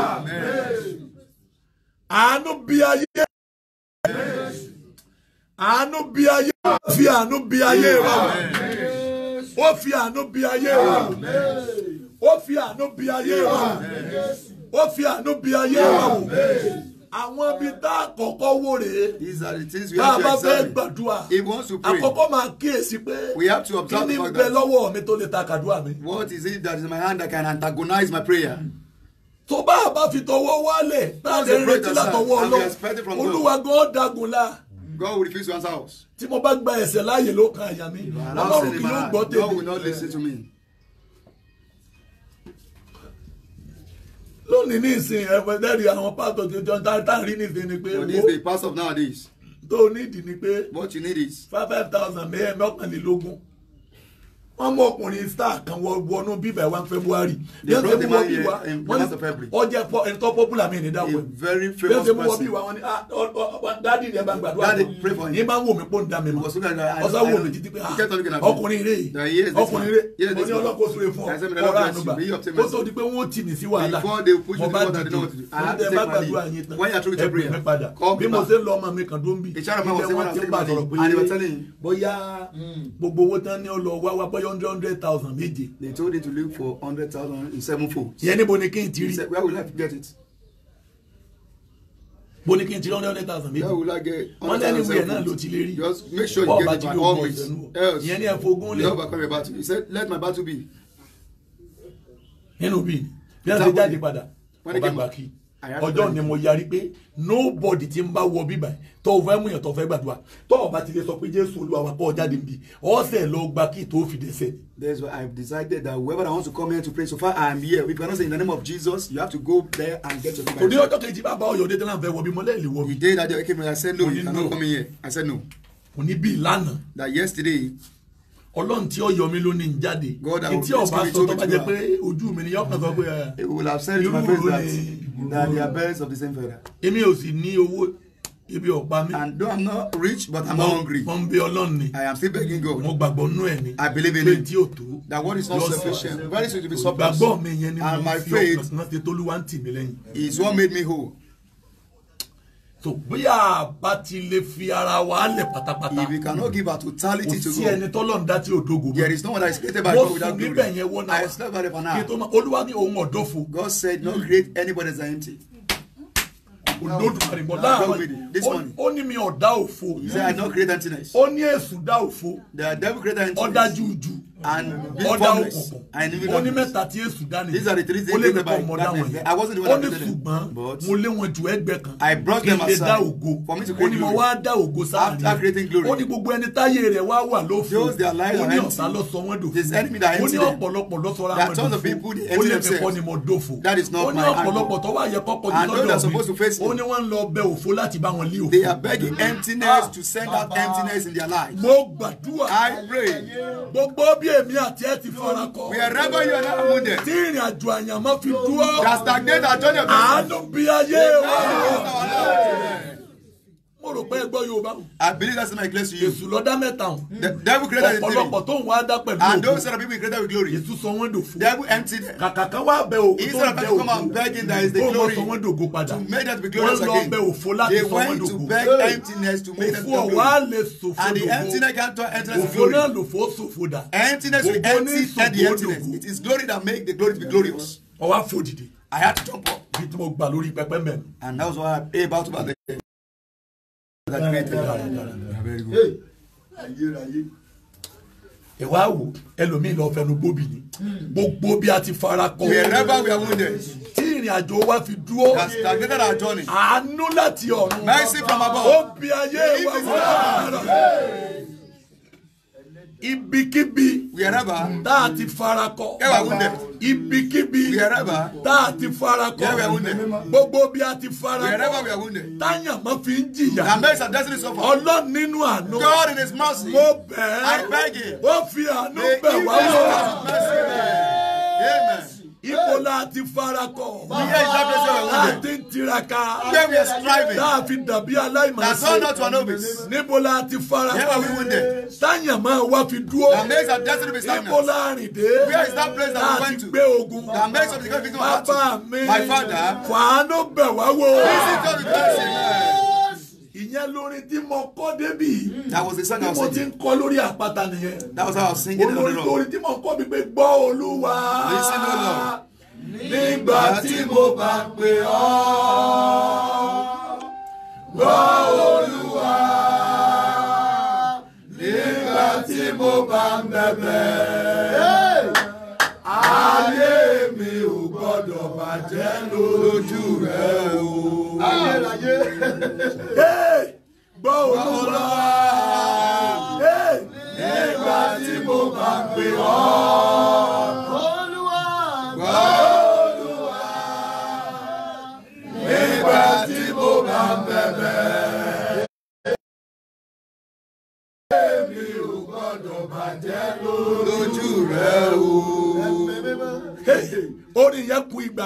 àánú bí ayé àánú bí ayé wa fi àánú bí ayé wa ó fi àánú bí ayé wa ó fi àánú bí ayé wa ó fi àánú bí ayé wa àwọn ibi tá a kọ́kọ́ wò rèé. these are the things we have to examine. bàbá bẹ́ẹ̀ gbàdúrà. if we to pray. àkọ́kọ́ máa kíyèsí pé. we have to observe the fact that. kí ni bẹ lọ́wọ́ mi tó lè ta kàdúrà mi. what is it that is in my hand that can antagonize my prayer. Mm -hmm tó bá bá fi tọwọ́ wálẹ̀ láti retí látọwọ́ ọlọ́run olúwa gan dagun la. God will refuse to answer us. tí mo bá gba ẹ̀ṣẹ̀ láàyè ló kan àyà mi ọlọ́run kì yóò gbọ́ tèmi. God will not listen to me. lónìí nísìn ẹ̀fẹ̀ dẹ́rì àwọn pásítọ̀ tó jọ tá tá rí nísìn ni pé. what is the pass of nowadays. tó o nídìí ni pé. what you need is. five five thousand mẹ́ẹ̀mọ́kànlélógún wọ́n mú ọkùnrin star kan wọnú bíbẹ̀ wá February yẹn ṣe mú wọ́n bí wa wọ́n ní ọjẹ́ ẹni tó popular mi ní dáwọ́ yẹn ṣe mú wọ́n bí wa wọ́n ní ah, dádì rẹ̀ bá gbàdúrà fún yín máa ń wò mí pọ́n dá mi mọ́ ọ̀sán wò mí títí pé ah, ọkùnrin rẹ̀ ọkùnrin rẹ̀ mo ní ọlọ́kọ̀ sóre fún ọ ọ̀rọ̀ ànúgbà ó tó di pé wọ́n ti mì sí wàhálà mo bá dìde mo ní bá gbàdúrà yín tán ẹ pè mí padà bí mo ṣe ń lọ ọmọ mi kàn dó ń bì ilé wọn ti ń bàtọ̀rọ̀ pé bóyá gbogbo owó tán ní ọ lọ wá wá bọ́yọ hundred hundred thousand méje. they told you to look for hundred thousand in seven folds. yẹn níbo ni kí n ti where will I get it. bó ní kí n ti hundred hundred thousand méje. where will I get hundred thousand seven folds. wọ́n lẹ́nu ìwé náà ló ti lè just make sure you get it by all means else yẹn ní ẹ fogún lé. you never come your said let my battle be. nínú bíi bí wọ́n ti jáde padà ọba gbà ọjọ́ ni mo yarí pé nobody ti ń bá wọ bíbá tó fẹ́ mú yàn tó fẹ́ gbàdúrà tó o ti lè sọ pé jésù olúwa kọ́ jáde níbi ọ̀sẹ̀ lọ gba kí tó fi dẹ̀sẹ̀. that's why i've decided that whoever i want to come here to pray so far i'm here if you cannot say in the name of jesus you have to go there and get your bíbá. òde ọjọ́ kejì bá bá ọyọ̀ òde tẹ́lá fẹ́ wọ bí mọ́lẹ́ ìlú wọ mi. the day that they came in i said no you cannot come here i said no. mo ní bíi lánàá. that yesterday ọlọ́run tí ó yọ mí ló ní n jáde etí ọba sọ tó bá jẹ pé ojú mi ni yọkàn sọ pé eh, irú òru ni èmi ò sì ní owó ebi ò pa and though i'm not rich but i'm not hungry. mo ń bẹ ọlọ́run ni. i am still begging God. mo gbàgbọ́ nú ẹ̀ ni. i believe in it. pé tí o tó. that word is not sufficient. very soon to be surpassed. gbàgbọ́ mi yẹn ni mo fi ọkàn náà ṣe tolúwa ń tì mí lẹ́yìn. is what made me whole tó bí a bá ti lè fi ara wa lẹ̀ pátápátá. if you cannot give her totality to God. kò sí ẹni tọ́lọ̀ dá tí o there is no one that is created by God without glory. mo sùn níbẹ̀ yẹn wọ́n náà. I slept by the panel. olúwa ní òun ọ̀dọ́fo. God said no create anybody that is empty olódùmarè mọ láàrin ó ní mi ọ̀dá òfo. he said I no create emptiness. ó ní èṣù dá òfo. the devil create emptiness. ọ̀dájú jù and bifomness and even ó ní mẹ́ta tí Jésù dání these are the three things that by darkness i wasn't the one that did them but mo lé wọn ju ẹgbẹ́ kan i brought them aside for me to create glory ó ní mo wá dá ògo sáà ní after glory ó ní gbogbo ẹni táyé rẹ̀ wá wà lófo ó ní ọ̀tá lọ sọ wọ́n dòfo this enemy that empty them ó ní ọ̀pọ̀lọpọ̀ lọ ra wọn dòfo ó lè mi kọ́ ni mo dòfo that is not my hand ó ní ọ̀pọ̀lọpọ̀ tó wà yẹ kọ́kọ́ ní lọ́dọ̀ mi ó ní wọ́n lọ bẹ òfo láti bá wọn lé òfo they are begging ah. emptiness to send out emptiness in their lives ah. mo gbàdúrà gbogbo bí tí èmi àti ẹ ti fara kọ. wherever you are now wounded. tí ìrìn àjò àyànmọ́ fi dúró. that stagnate our journey of life. àánú bí ayé wa mo rò pé ẹ gbọ́ yorùbá o. i believe that's my grace to you. èsù lọ mẹ́ta o. the devil created the glory. ọ̀pọ̀lọpọ̀ tó ń wá dá pẹ̀lú òkú. and those are the people he created with glory. èsù sọ wọ́n dòfo. devil empty them. kàkà kan wá bẹ òkú tó ń bẹ òkú. instead of coming and begging that is the glory. ó mọ sọ wọ́n dògo padà. to make that be glorious again. wọ́n lọ bẹ òfo láti sọ wọ́n dògo. they went to beg emptiness to make that be glorious. òfo wa le sòfò and emptiness can turn emptiness to glory. dà. emptiness with empty the emptiness. it is glory that make the glory to be glorious. ọwọ́ àfọ̀dìdì. i had to up. bí tí mo gbà lórí and that was why i pay about about the. God created God. Ayérayé. Ẹ wá wò ẹlòmíì lọ fẹnu gbóbi ni. Gbogbo bí a ti fara kọ. Wherever we are wounded. Tí ìrìn àjò wa fi dúró. That's the greater our journey. Àánú láti ọ̀run. Mercy from above. Ó bí ayé wa wọ́n Ibikibi, ibikíbi wherever mm. tá a ti farakọ ibikíbi wherever tá a ti farakọ gbogbo bí a ti farakọ táyà mọ́ fi ń jìyà ọlọ́run nínú àánú mo bẹ̀ ẹ́ ó fi àánú bẹ̀ wá wọ́n. Ibola ipò la ti farakọ. a ti ń tiraka. náà fi dàbí aláìmọ̀ọ́sẹ̀. níbo la ti farakọ. táyà máa wá fi dúró. ipò la rìn dé. náà ti gbé ogun. bàbá mi fàánù bẹ̀ wá wò ìyẹn lórin tí mo kọ́ débì. Hmm. that was the song I was singing. tí mo ti ń kọ́ lórí àpáta nìyẹn. that was how I was singing in the room. tí mo kọ́ mi pé gbọ́ olúwa. listen o lọ. nígbà tí mo bá pè ọ́ gbọ́ olúwa. nígbà tí mo bá bẹ̀bẹ̀. ayé mi ò gbọ́dọ̀ bàjẹ́ lójú rẹ o. ayé ayé.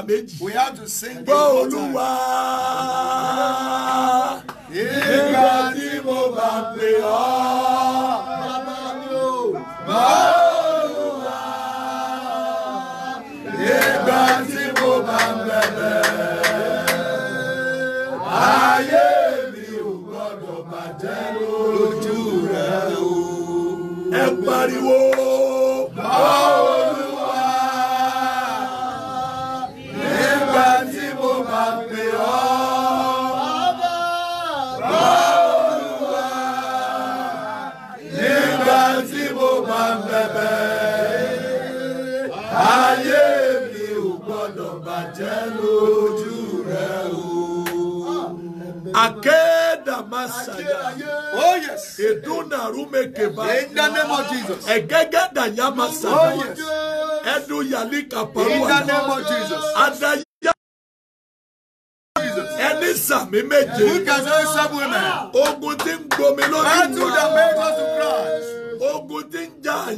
méjì. we have to sing the whole time. gbọ́ olúwa. Marume Keba. In the name of Jesus. Egege Dayama Sana. Oh, yes. Edu Yalika Parua. In the name of Jesus. Adaya. Ẹni sàmì méje. Who can know some women? Ogun ti ń gbomi lórí wa. Let's do the miracles to pray.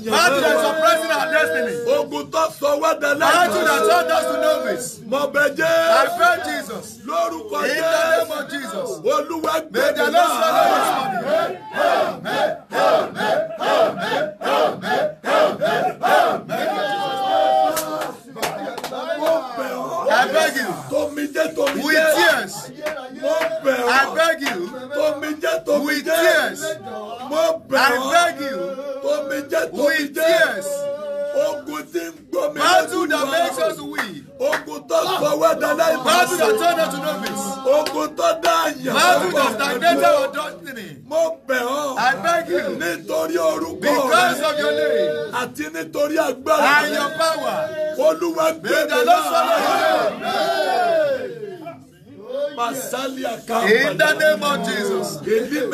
Battle is oppressing our destiny. Ogun tó sọ wá lẹ́yìn. Battle that turned us to novice. Mo bẹ jẹ́. I pray Jesus. Lórúkọ Jésù. In the name of Jesus. Olúwa gbé mi náà. May the Lord swallow this money. Amen. Amen. Amen. Amen. Amen. With tears. I beg you. Tomijẹ́ tomijẹ́. With tears. I beg you. Tomijẹ́ tomijẹ́. With tears. Ogun ti ń gbọ́ mi lójú wa. Battle that makes us weak. Ogun tó sọ wẹ́dá that turned us to novice. Ogun tó dá àyàn. Battle that stagnated our destiny. Mo bẹ̀ ọ́. I beg you. Nítorí orúkọ rẹ. Because of your name. Àti nítorí agbára rẹ. And your power. Olúwa gbé mi náà. Bẹ́ẹ̀ni ló sọ lọ́wọ́. In the name of Jesus. In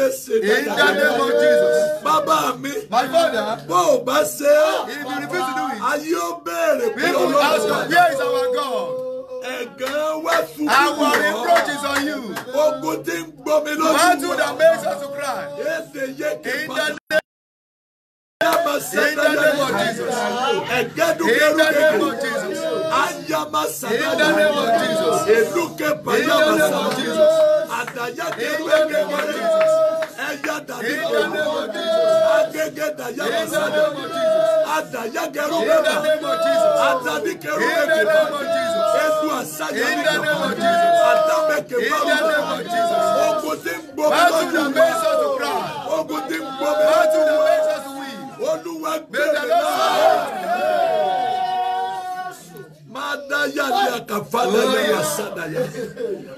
the name of Jesus. Bàbá mi. My father. Bó o bá If you refuse to do it. Ayé ó béèrè People ask us where is our God? Ẹ̀gán wá fún mi. Our reproach is on you. Ogun ti ń gbomi lójú. Battle that makes us to cry. Èdè yékè bá. In the name of Jesus. In the name of Jesus. Jesus. Sanada. In the name of Jesus. Eluke Payama Sanada. Adaya Teruke Payama. Ẹja dàbí ọ̀rọ̀. Agége dàyà wà sábà. Adàyà gẹrù bẹ́ẹ̀ Adàbí kẹrù bẹ́ẹ̀ kẹfà. Edu àsájà mi kẹfà. Adàbẹ̀ kẹfà mi. Ogun ti ń gbọ́ mi lọ́jọ́ mi. Ogun ti ń gbọ́ mi lọ́jọ́ mi. Olúwa gbé mi náà ayáàlì àkàfàdà yàrá sàdà yà.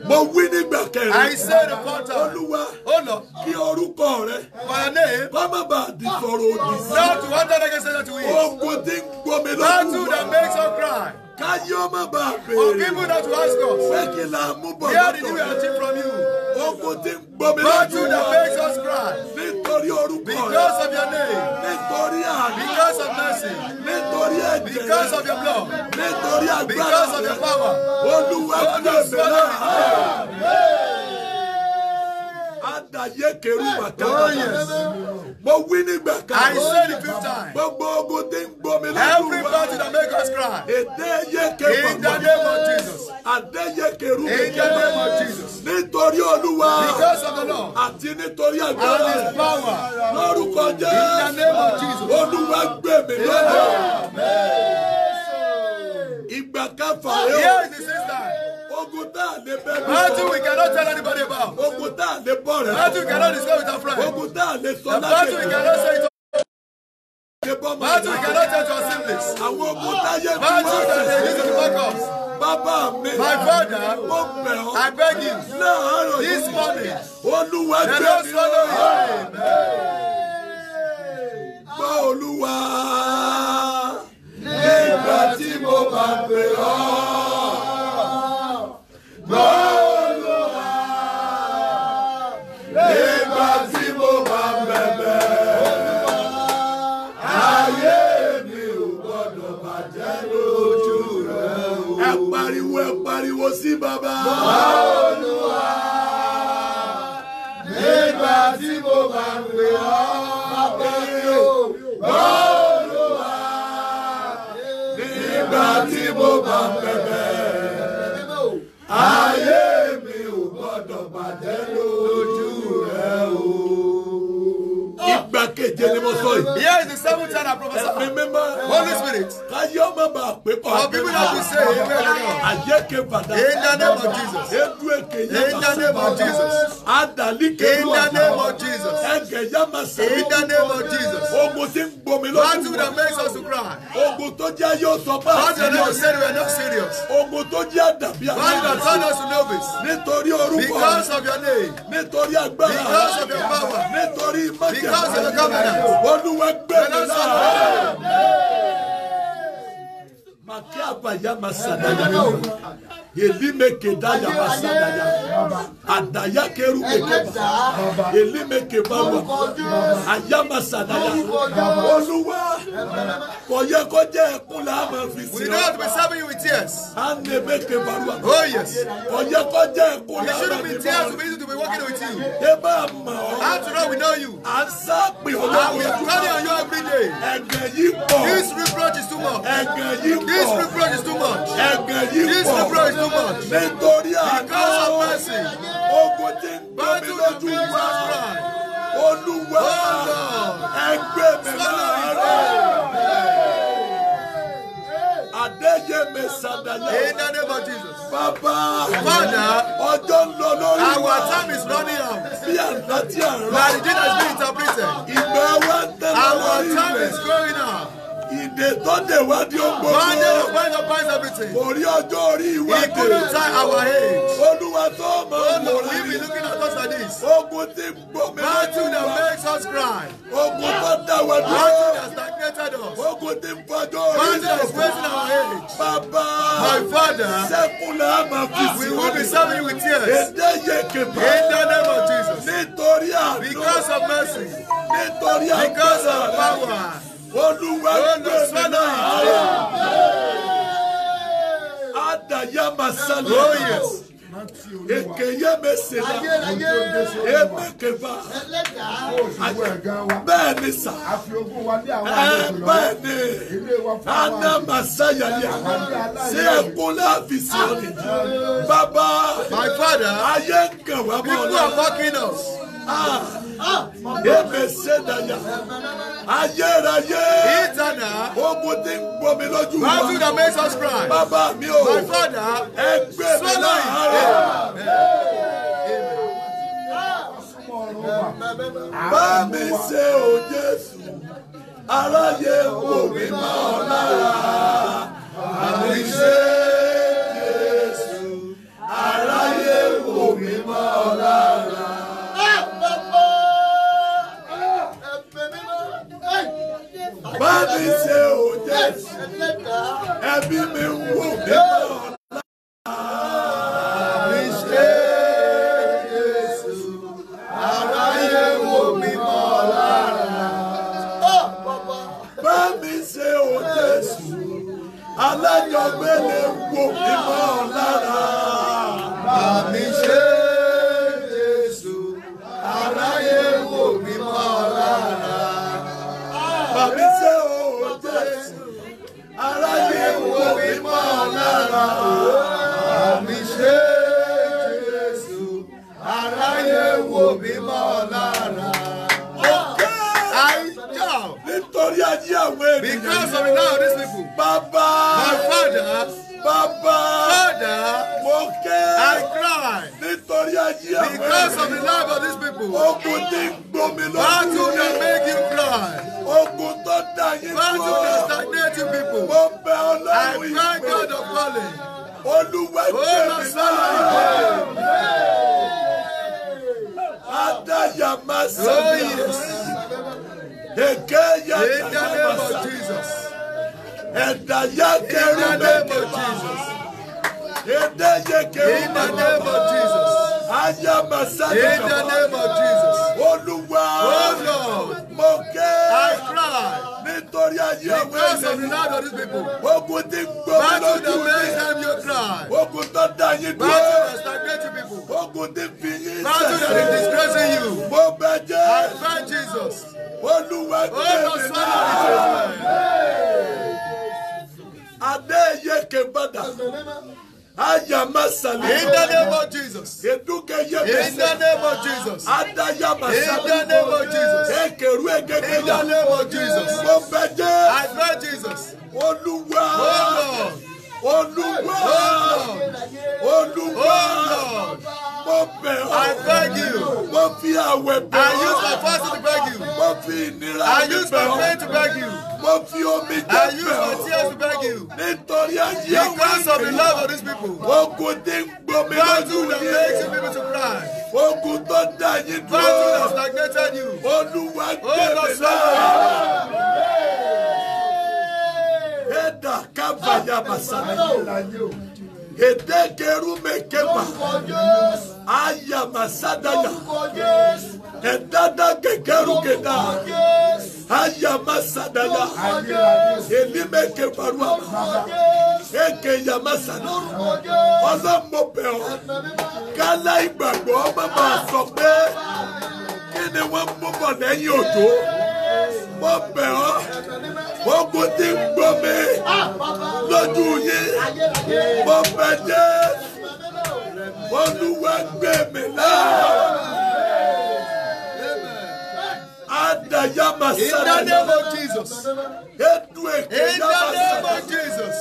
mo wí nígbà kẹrin. I said the quarter. olúwa oh, kí orúkọ rẹ. my name. bàbá bá di sọ̀rọ̀ ah. òdì sí. now to one that I can say that to you. ogun ti ń gbomi lókun. that too that makes her cry. káyọ̀ má bàa béèrè. for people that to ask us. fẹ́ kí la mú bọ̀ lọ́tọ̀. where did we achieve from you. Ogun ti gbọ́ mi lójú. Go to the face of Christ. Nítorí orúkọ rẹ̀. Because of your name. Nítorí àná. Because of mercy. Nítorí ẹ̀jẹ̀ rẹ̀. Because of your blood. Nítorí agbára rẹ̀. Because of your power. Olúwa kúrò sí náà. Adaye Keruba Tabata. Mo wí nígbà kan. I said it fifth time. Gbogbo ogun tí ń gbomi lọ́dún. Every party that make us cry. Èdèyé Keruba. In the name of Jesus. Adéyé Keruba. In the name of Jesus. Nítorí Olúwa. Because of the Lord. Àti nítorí agbára. And his power. Lórúkọ Jésù. In the name of Jesus. Olúwa gbèmí lọ́dún. Amen. Ìgbà kan fà yóò. Here is the sister ogun tá a lè we cannot tell anybody about. Ogun tá a lè we cannot discuss with our friend. Ogun tá a lè we cannot say to. Battle we cannot tell to our siblings. Àwọn ogun táyé bí wọ́n sọ. Battle that they use to back us. Bàbá mi. My father. I beg you. Láàárọ̀ yìí. This morning. Olúwa gbé mi lọ. They don't swallow you. Gbọ́ Nígbà tí mo bá pè ọ́. bàbá. Bọ́ Olúwa nígbà tí mo bá pè ọ́ Here is the seventh time I Remember. Holy Spirit. Káyọ̀ má bàa pé people have been saying? Ayeke vada. In the name of Jesus. Edueke yama. In the name of Jesus. Adalike In the name of Jesus. Ege yama se. In the name of Jesus. Ogun tí ń gbomi lójú. Battle that makes us to cry. Ogun tó jẹ́ yóò sọ bá. Battle that makes us say we are not serious. Ogun tó jẹ́ àdàbí àná. Battle that turn us to novice. Nítorí orúkọ. Because of your name. Nítorí agbára. Because of your power. Nítorí májèlé. Because of your covenant. Olúwa gbẹ̀rẹ̀ náà. makeapa ya eh, masada eh, eh, elime kedaya basadaya adaya keru ekeba elime kebawa ayama sadaya Olúwa kò yẹ kó jẹ́ ma fi si ọ. we be serving you with tears. anebe oh yes. ma fi si ọ. it shouldn't be tears to be easy to be working with you. ẹ bá a mọ̀ ọ́. after all we nítorí àkàwọ̀ ogun ti ń tóbi lójú wa olúwa ẹgbẹ́ mi láàárọ̀. Adéyẹmẹ Sadaya. In the name of Jesus. Bàbá. Father. Ọjọ́ ń lọ lórí wa. Our time is running out. Bí àná tí a rán. Like the dinner is interpreted. Ìgbà wa ń tẹ̀lé lórí rẹ̀. Our time is going out dé tó dé wádìí ó gbogbo. one day will everything. kò ọjọ́ orí ìwádìí. he couldn't tie our age. olúwa tó mọ̀ ọ́ mọ̀ rẹ̀. we be looking at us like this. ogun ti gbó mi. battle that makes us cry. ogun tó dá wa dúró. battle that stagnated us. ogun ti fọjọ́ orí ìwádìí. battle is wasting our age. bàbá. my father. sẹ́kùn la fi sí. we will be serving with tears. èdè yẹ kébà. in the name of Jesus. nítorí àná. because of mercy. nítorí àná. because of power olúwa gbẹ̀mí náà adaya bẹ́ẹ̀ ni sa bẹ́ẹ̀ ni anamasayali se ekunla fisiri baba ayé nkẹwàá bọ̀ ọ́ la ebesedaya ayérayé ìtànà ogun tí ń gbomi lójú wa battle that makes us cry bàbá mi o my father ẹgbẹ́ mi láàárọ̀ bá mi ṣe o Jésù aráyé wò mí mọ́ ọ lára bá mi ṣe Jésù aráyé wò mí mọ́ ọ lára. bá mi ṣe òjẹ́ ẹbí mi ń wò Edekeru mekeba. Aya masadaya. Edada kekeru keda. Aya masadaya. Elime kebarua. Eke yamasada. Ọlọ́run mo bẹ̀ ọ́. Kálá ìgbàgbọ́ ọmọ máa ah. sọ pé kí ni wọ́n mú bọ̀ lẹ́yìn òjò. Mo bẹ̀ ọ́ ogun ti ń gbomi lójú yín mo fẹ́ dé olúwa gbé mi láà. Adayamasa. In the name of Jesus. In the name of Jesus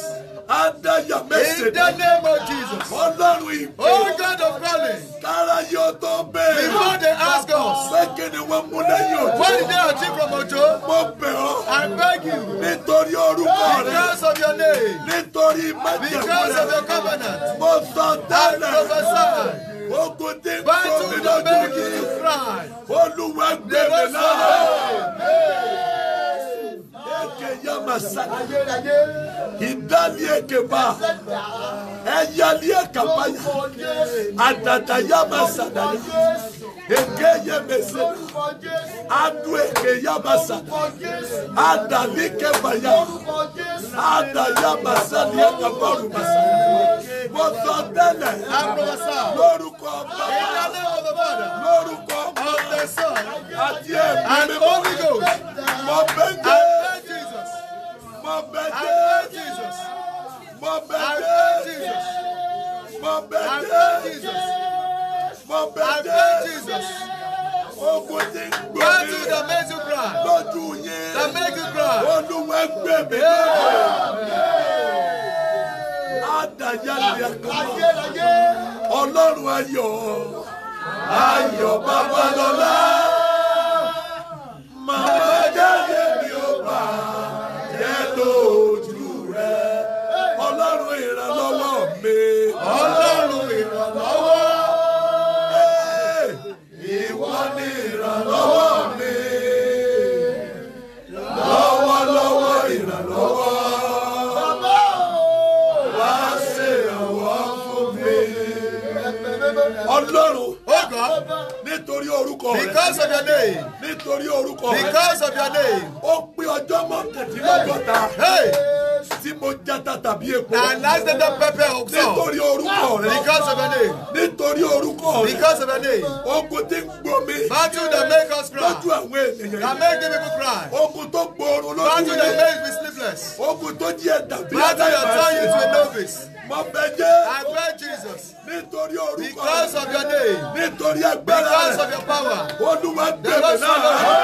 under your mercy. In the name of Jesus. Ọlọ́run ìpè. Oh God of glory. Kára yóò tó Before they ask us. Sẹ́kìnì wọn mú lẹ́yìn òjò. What did they achieve from òjò? I beg you. Nítorí orúkọ rẹ. Because of your name. Nítorí májèmú Because of your covenant. Mo sọ tẹ́lẹ̀. I prophesy. Ogun ti ń kó mi lójú yìí. Olúwa gbèmí náà. basali idali ekeba eyali ekabaya adada ya masadali ekeye mesena adu eke ya masada adali kebaya ada ya masali ekabaru masada mọtò tẹlẹ lórúkọ bàbá lórúkọ bàbá àti ẹgbẹrẹ mọ bẹńgẹ. Mo bẹ̀dẹ̀ Jesus. Mo bẹ̀dẹ̀ Jesus. Mo bẹ̀dẹ̀ Jesus. Mo bẹ̀dẹ̀ Jesus. Ogun ti ń gbọ́ mi. Go to the middle ground. Lójú yín. The middle ground. Olúwa gbé mi lọ́wọ́. Adàyàlẹ̀ kan. Ọlọ́run ayọ̀. Ayọ̀ Babalọ́lá. Màmá. ọlọ́run ìrànlọ́wọ́ ìwọ ni ìrànlọ́wọ́ mi lọ́wọ́lọ́wọ́ ìrànlọ́wọ́ wá ṣèrànwọ́ fún mi ọlọ́run ó nítorí orúkọ rẹ. because of your name. nítorí orúkọ rẹ. because of your name. ó pín ọjọ́ mọ́kàndínlọ́gọ́ta. Hey. tí mo jata tàbí epo. and last day don pepper oxo. nítorí orúkọ rẹ. because of your name. nítorí orúkọ rẹ. because of your name. ogun tí ń gbomi. battle dey make us cry. lójú àwọn ènìyàn. na make the people cry. ogun tó gbóorun lójú rẹ. battle dey make me sleepless. ogun tó jí ẹ̀dá bí. battle dey turn you a novice mo bẹ jẹ́. I pray Jesus. nítorí orúkọ rẹ. because of your name. nítorí agbára rẹ. because of your power. olúwa gbèmí náà.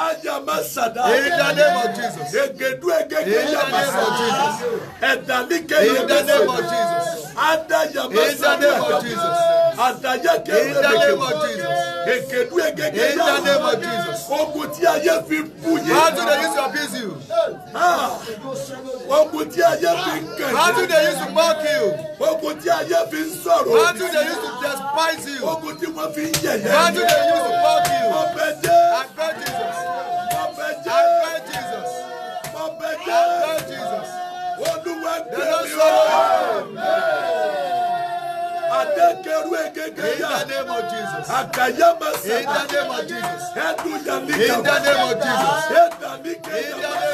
Ayamasada. In the name of Jesus. Egedu egege yamasada. Ẹ̀dàlíkẹ́ yamasada. In the name of Jesus. Adayamasada. In the name of Jesus. Adayake yamasada. In the name of Jesus. Egedu egege yamasada. In the name of Jesus ogun tí ayé fi bú yín. how do they use to abuse you. Ah, ogun tí ayé fi kẹ̀yìn. how do they use to mock you. ogun tí ayé fi ń sọ̀rọ̀. how do they use to despise you. ogun tí wọ́n fi ń yẹ̀yẹ́. how do they use to mock you. ọbẹ̀ jẹ́. àgbẹ̀ Jesus. ọbẹ̀ jẹ́. àgbẹ̀ Jesus. ọbẹ̀ jẹ́. àgbẹ̀ Jesus. olúwa gbẹ̀mí o. Emeru In the name of Jesus. In the name of Jesus. Edu yamika. In the name of Jesus. Edamike the name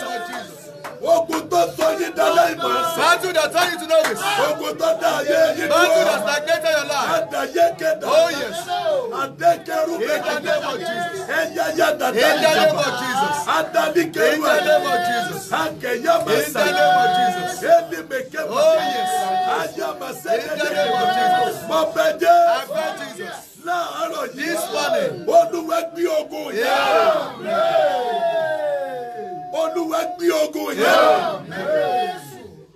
ogun tó sọ yín dálé ìmọ̀. battle that turn you to novice. ogun tó dá ayé yín dúró. battle that stagnated your life. adàyé kẹdà. oh yes. adékẹrù kẹdà. in the name of Jesus. ẹyẹ yẹ dàda yẹ. in the name of Jesus. adali kẹrù ẹ. in the name of Jesus. akẹyẹ masa. in the name of Jesus. eli mẹkẹ masa. oh yes. ayamasa yẹ yẹ. in the name of Jesus. mo bẹ jẹ. I bẹ Jesus. láàárọ̀ yìí. this morning. olúwẹ́gbẹ́ ogun. yeah. yeah. yeah. olúwa gbé ògo yẹn.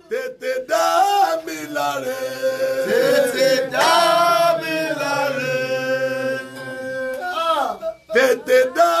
tètè dá mi láre. tètè dá mi láre. Ah. tètè dá.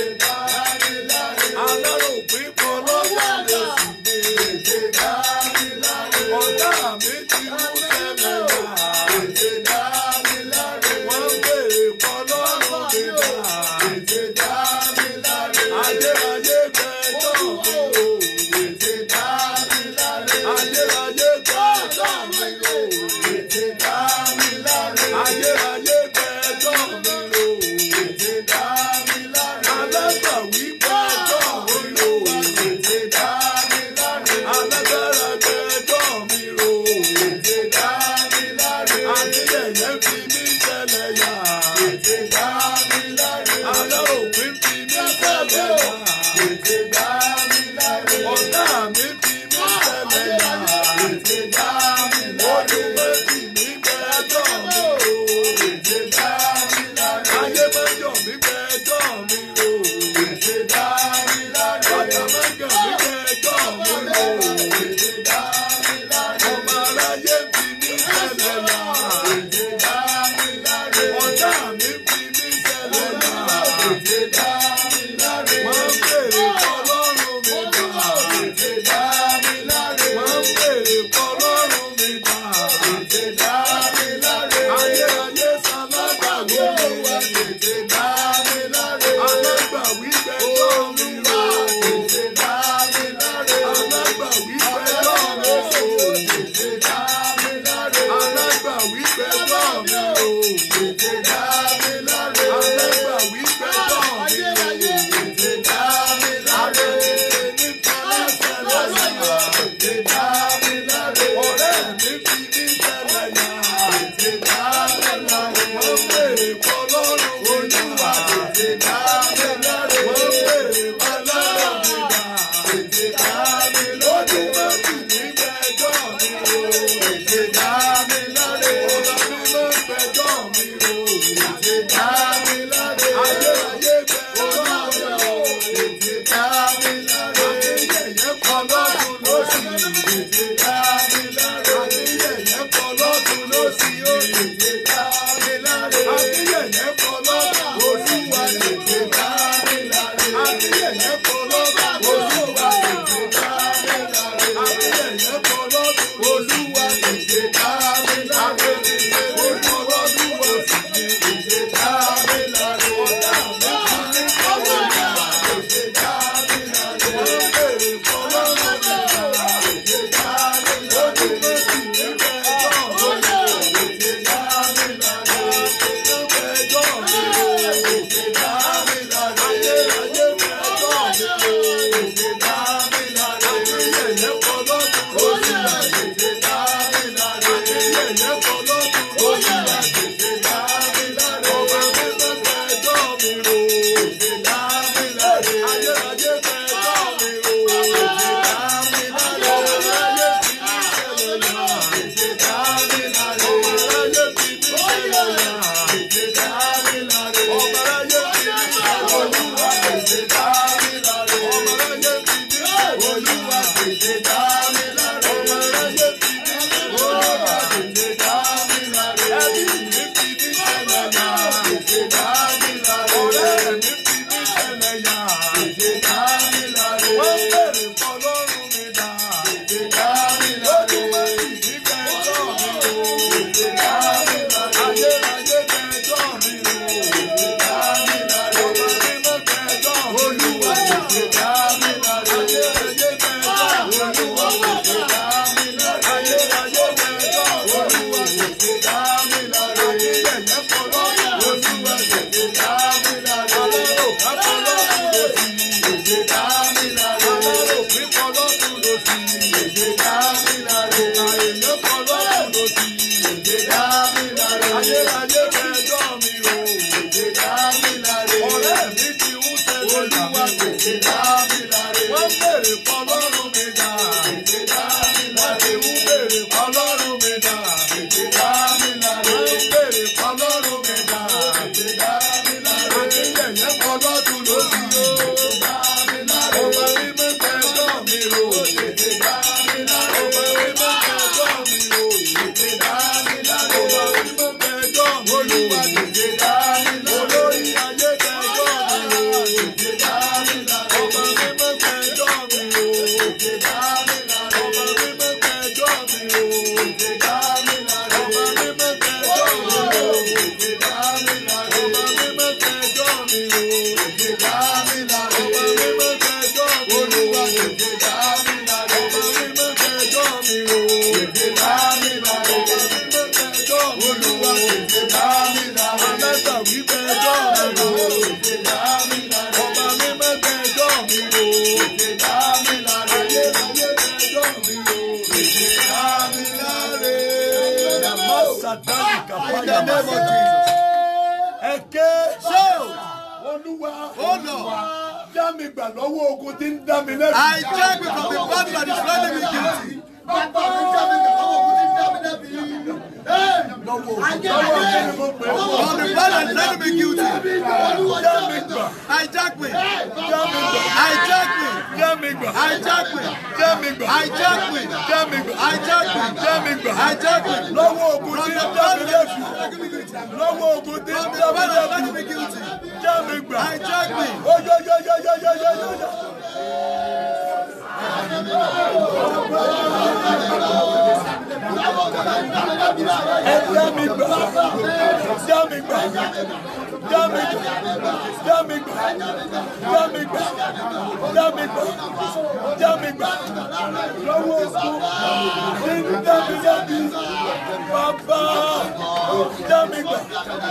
Listen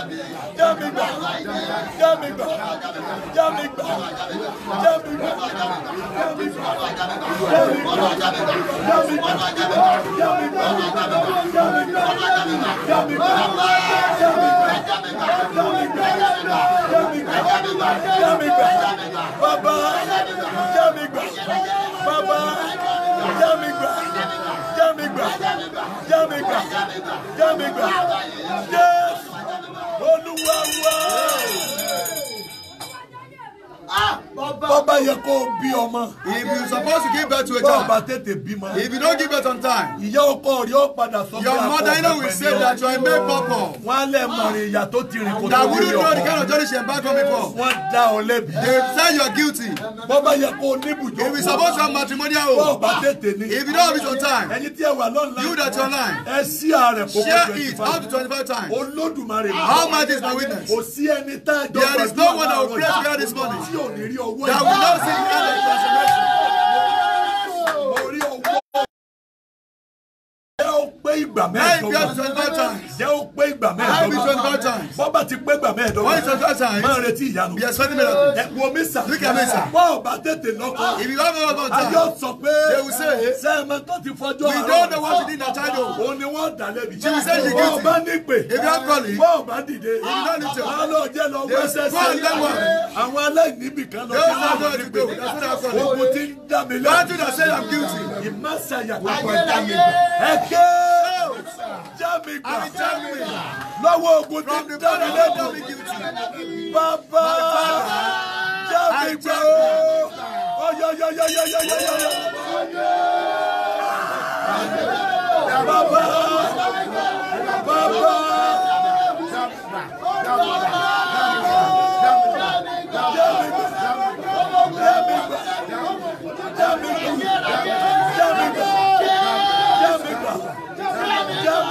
jámi gbà jámi gbà jámi gbà jámi gbà jámi gbà jámi gbà jámi gbà jámi gbà jámi gbà jámi gbà jámi gbà jámi gbà jámi gbà jamigba baba jamigba baba jamigba jamigba jamigba jamigba jamigba yes. olúwa wá. bọ́bá yẹ kó bí ọmọ. if you suppose give birth to a child. bọ́ọ̀bà tètè bímọ. if you don't give birth on time. ìyá ọkọ rẹ ó padà sọ pé àpò pẹ̀lú. your mother you will say that you are a male papa. wọ́n á lẹ̀ mọ̀rin ìyà tó ti rìn kó tó lórí ọkọ. that wouldn't know the kind of journey she embark on before. wọ́n dá ọ lẹ́bi. they say you are guilty. bọ́bá yẹ kó níbùjọ. if you suppose have matrimonial home. bọ́ọ̀bà tètè ni. if you don't have it on time. ẹni tí ẹ wà lọ́nà. you that your line. ẹ sí ààrẹ kókó twenty five. share it up to twenty how much is my witness? there is no one that will pray together this morning ò ní rí ọwọ́ ìgbà. that we don't see transformation. pé ìgbà mẹ́ẹ̀ẹ́dọ́gba jẹ́ ó pé ìgbà mẹ́ẹ̀ẹ́dọ́gba bọ́bá ti pé ìgbà mẹ́ẹ̀ẹ́dọ́gba máa retí ìyanu ẹ̀kú omi sà bọ́ọ̀ bá tètè lọ́kọ̀ ayọ́ ah, sọ pé sẹ́ẹ̀mẹ́ ah, tó ti fọjọ́ àárọ̀ òun ni wọ́n dà lẹ́bi bọ́ọ̀ bá ní pè bọ́ọ̀ bá dìde alọ́ jẹ́ lọ wẹ́sẹ̀sẹ̀ àwọn aláìníbi kan lọ sí àwọn ìgbè ogun ti ń dá mi lẹ́bi ìmásàyà kò kọjá mi ẹ kéé jámi gbà lọ́wọ́ ogun tí dára lẹ́nu bàbá jámi gbà ó ọyọyọyọyọyọyọ Baba, bàbá.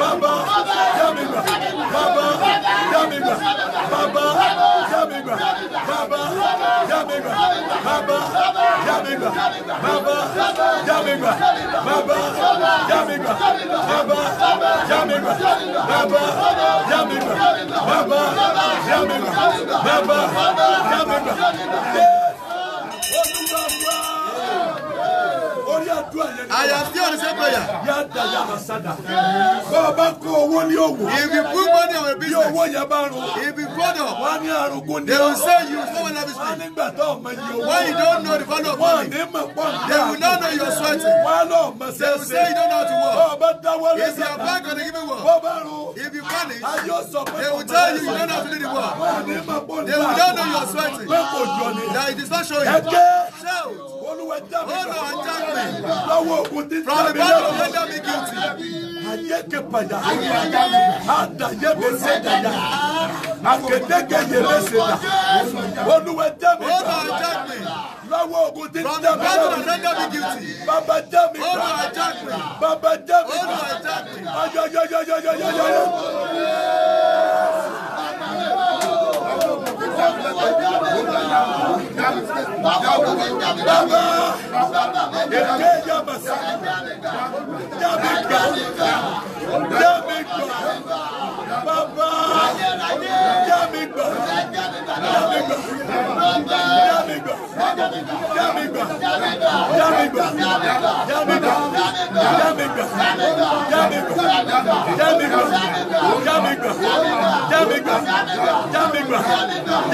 bàbá yàmìgbà bàbá yàmìgbà bàbá yàmìgbà bàbá yàmìgbà bàbá yàmìgbà bàbá yàmìgbà bàbá yàmìgbà bàbá yàmìgbà bàbá yàmìgbà bàbá yàmìgbà bàbá yàmìgbà. àyàfi ọ̀rẹ́sẹ̀ pẹ̀yà. yàda yàda sada. bàbá kó owó ní òwò. ibi fún bọ́dọ̀ wẹ̀ bí sẹ́yìn. bí owó yẹn bá rún. ibi bọ́dọ̀. wà á ní arúgbó ní. they will say you so well every time. wọ́n nígbà tó ọmọ yìí owó. why you don't know the value of money. wọ́n ní mọ̀ pọ̀ ní. they will not know your sweat. wọ́n á lọ mọ̀ sẹ́sẹ́. they will say you don't know how to work. bàbá dáwọ́ lé sàdá. if your back on give me work. bàbá rún. if you panic. ayọ̀ sọ pé they will tell you you don't know to do the work. they will not know your sweating. kò jọ that is not showing. ẹ shout olúwa já mi. olúwa já mi. lọ́wọ́ ogun ti já mi lẹ́wọ̀. from the battle of ẹja mi guilty. ayé ke pàdà. ayé ajá mi. àdàyé mi ṣe dàda. àkèdèkè yé mi ṣe dà. olúwa já mi. olúwa já mi. lọ́wọ́ ogun ti já mi lẹ́wọ̀. from the battle of ẹja mi guilty. bàbá já mi. olúwa já mi. bàbá já mi. olúwa já mi. ayọyọyọyọyọyọyọ. Jamaica, Jamaica,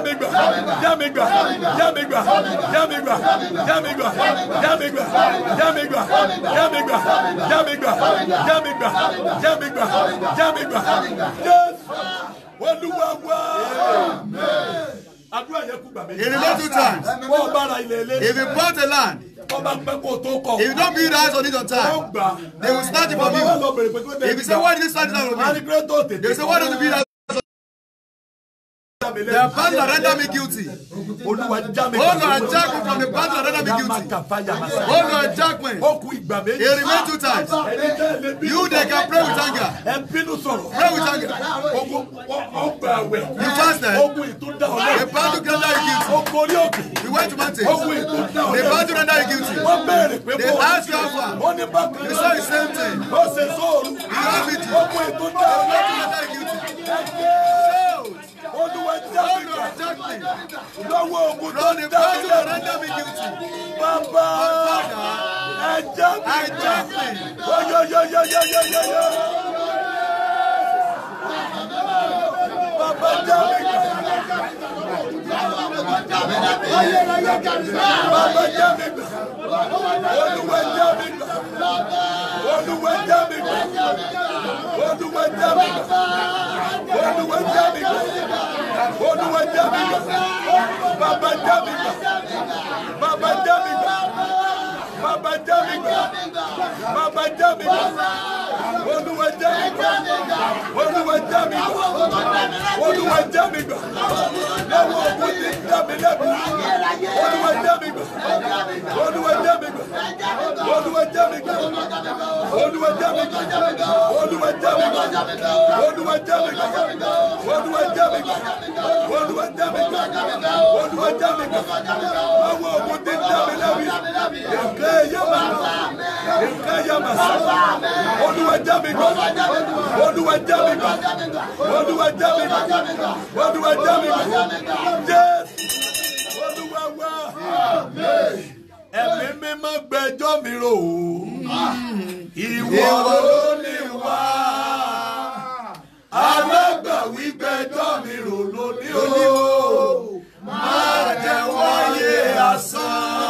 mi gbà já mi gbà já mi gbà já mi gbà já mi gbà já mi gbà já mi gbà já mi gbà já times. if you plant a land. If you don't build eyes on it on time, they will start it from you. If you say, Why did you start it out of me? They will say, Why don't you build The past that render me guilty. Olúwa já mi. Oh Lord, jack me from the past that render me guilty. Oh Lord, jack me. He remains two times. You they can pray with anger. Ẹ bínú sọ̀rọ̀. Pray with anger. You fasted. The past that render you guilty. Ogun You went to mountain. The past that render you guilty. They ask you how far. You saw the same thing. Ó ṣe You have it. The past render you guilty olúwa jáde lọ́wọ́ ogun tó ní dábìlẹ̀ bàbá ẹja mi yọyọyọyọyọyọ bàbá jáde. ayé láyé jàdùbà bàbá jẹ́ mi gbà olúwa jẹ́ mi gbà olúwa jẹ́ mi gbà olúwa jẹ́ mi gbà olúwa jẹ́ mi gbà olúwa jẹ́ mi gbà bàbá jẹ́ mi gbà bàbá jẹ́ mi gbà. bàbá já mi gbà bàbá já mi gbà olúwa já mi gbà olúwa já mi gbà olúwa já mi gbà lọ́wọ́ òkú ti ń dá mi lẹ́bi olúwa já mi gbà olúwa já mi gbà olúwa já mi gbà olúwa já mi gbà olúwa já mi gbà olúwa já mi gbà olúwa já mi gbà olúwa já mi gbà olúwa já mi gbà lọ́wọ́ òkú ti ń dá mi lẹ́bi. Olúwa já mi gbà. Olúwa já mi gbà. Olúwa já mi gbà. Olúwa já mi gbà. Jésù. Olúwa wá. Ẹ̀mí mímọ́ gbẹ́jọ́ mi rò ó. Ìwọ ló ní wá. Alágbàwí gbẹ́jọ́ mi rò lónìí o. Má jẹ́ wáyé asán.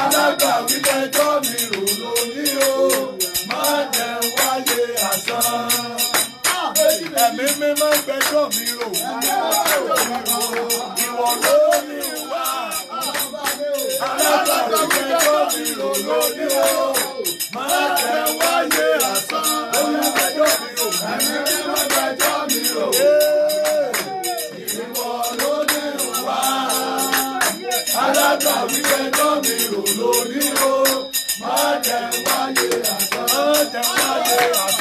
alágbàwí lẹ́jọ́ mi rò lónìí o má jẹ́ wáyé asán. ẹ̀mí mi máa ń gbẹ́jọ́ mi rò ìwọ ló ní wá. alágbàwí lẹ́jọ́ mi rò lónìí o má jẹ́ wáyé asán. ẹ̀mí mi máa ń gbẹ́jọ́ mi rò lónìí o. alága wíwẹ́ tọ́ mi rò lónìí o má jẹ́ wáyé àtọ́ jẹ́ wáyé àtọ́.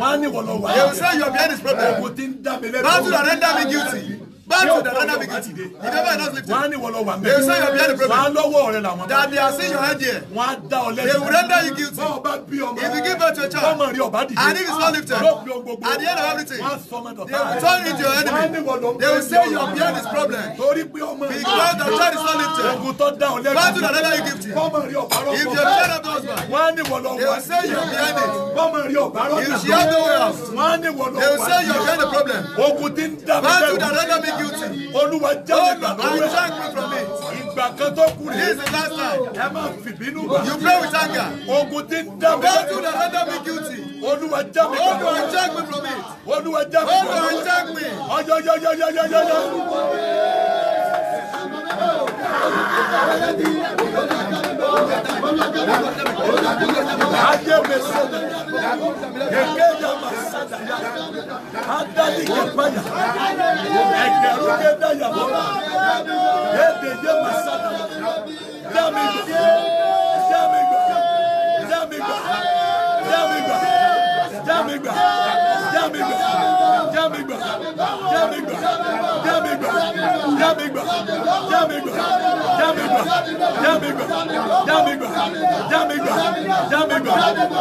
wọ́n á ní wọ́n lọ wá. they will say your behind is problem. ẹ̀kú ti ń dá mi lẹ́nu. báńtù dàdá dá mi guilty. báńtù dàdá dá mi guilty. ìjọba ìdásílẹ̀. wọ́n á ní ìwọ lọ mẹ. they say you be the problem. wàá lọ́wọ́ rẹ làwọn. that they are seeing your head here. á dá ọ lẹ́yìn. they will render you guilty. báwo bá bí ọmọ. if you give birth to a child. ọmọ rí ọba dìde. and if it's not lifted. yóò fi ohun at the end of everything. wọ́n á sọ ọmọ dọ̀tá. they will turn into your enemy. they will say you are behind this problem. torí pé ọmọ rí. because the child is not lifted. ogun tó dá ọ lẹ́yìn. battle that render you guilty. ọmọ rí ọba rọ. if you are behind the they will say you are behind it. they will say you guilty. olúwa jẹ́ mi gbàgbọ́ ìgbà kan tó kù rè é má fìbínú bá ogun tí ń dábàá olúwa já mi kọ́ olúwa já mi from it olúwa já mi kọ́ olúwa já mi ọjọ́ yọ yọ yọ yọ yọ yọ. Adebese, Ekeja Masada, Adali Kepaya, Ekeru Keda Yabola, Edeje Masada, Damigo, Damigo, Damigo, Damigo, Damigo, Damigo, Damigo, Damigo, Damigo, gbà jẹ́ mi gbà jẹ́ mi gbà jẹ́ mi gbà jẹ́ mi gbà jẹ́ mi gbà jẹ́ mi gbà jẹ́ mi gbà jẹ́ mi gbà jẹ́ mi gbà jẹ́ mi gbà jẹ́ mi gbà jẹ́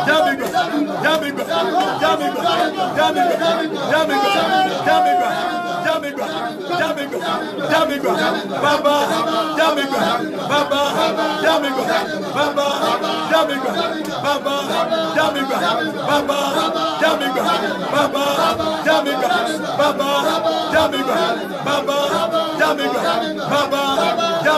mi gbà jẹ́ mi gbà. Damigra, Damigra, Damigra, Baba, Damigra, Baba, Damigra, Baba, Damigra, Baba, Damigra, Baba, Damigra, Baba, Damigra, Baba, Damigra, Baba, Damigra, Baba,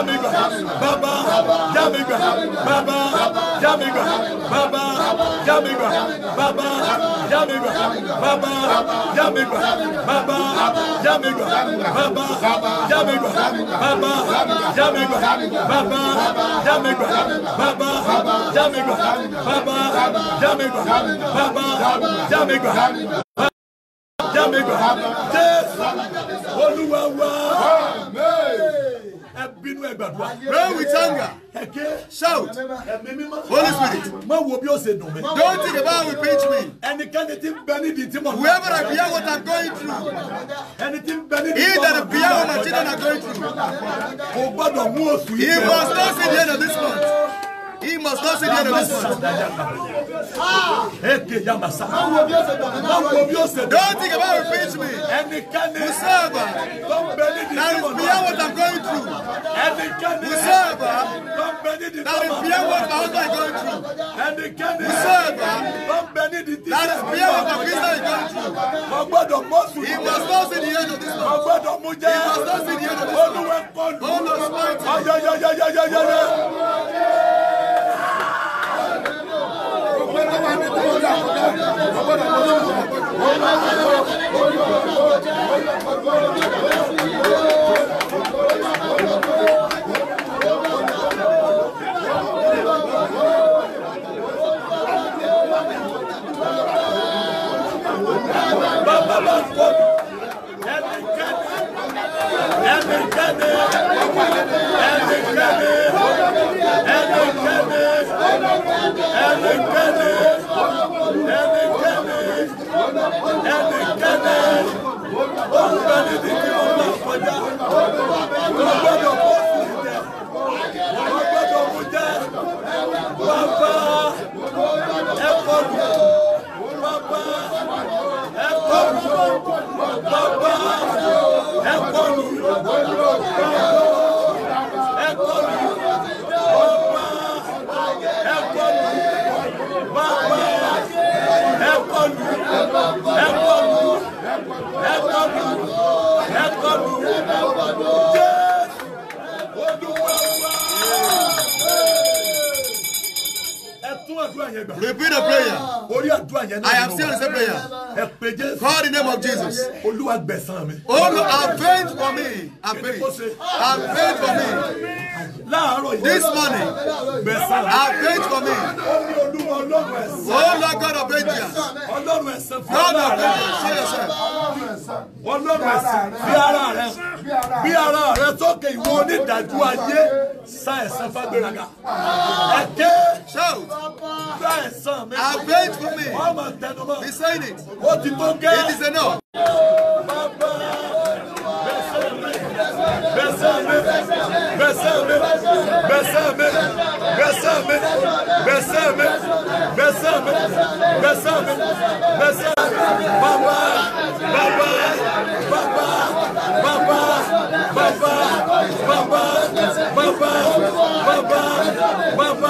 Baba, jamiga. Baba, jamiga. Baba, jamiga. Baba, jamiga. Baba, jamiga. Baba, jamiga. Baba, jamiga. Baba, jamiga. Baba, jamiga. Baba, jamiga. Baba, jamiga. Baba, jamiga. Baba, jamiga. Jamiba, jamiga. Olúwa jamiga. Amen ẹ bínú pray with anger. ẹ̀kẹ́ shout. ẹ̀mí mímọ́. holy spirit. má wo bí ó ṣe dùn mí. don't think about will pinch me. ẹnikẹ́ni tí ń bẹ nídìí tí whoever I bear what I'm going through. ẹni tí ń bẹ nídìí tí mo. he that I bear what my children are going through. kò gbọ́dọ̀ mú oṣù yìí. he must not see the end of this month. He must not sit there and listen. Don't think about me. And impeachment. Musaba, that is beyond what I'm going through. And Musaba, that is beyond what my husband is going through. And Musaba, that is beyond what my Christian is going through. He must not see the end of this month. He must not see the end of this month. All those mighty. Baba, Baba, Baba, Jésù, Olúwa. repeat the prayer. orí àdúrà yẹn náà. I am still answered prayer. ẹ pe Jésù. call the name of Jesus. Olúwa gbẹ̀san mi. Olú oh, avenge for me. Avenge. Avenge for me. láàárọ̀ yìí. this morning. gbẹ̀san. avenge for me. Olúwa Ọlọ́run ẹ̀san. Olúwa oh, God of vengeance. Ọlọ́run ẹ̀san. God of vengeance. show yourself. Ọlọ́run ẹ̀san. bí ara rẹ bí ara rẹ sókè ìwọ onídàájú ayé sá ẹ̀san fagbéraga. ẹ̀kẹ́. shout. sá ẹ̀san mi. avenge Come. We sign it. Ele diz não. Baba, Baba, Baba, Baba,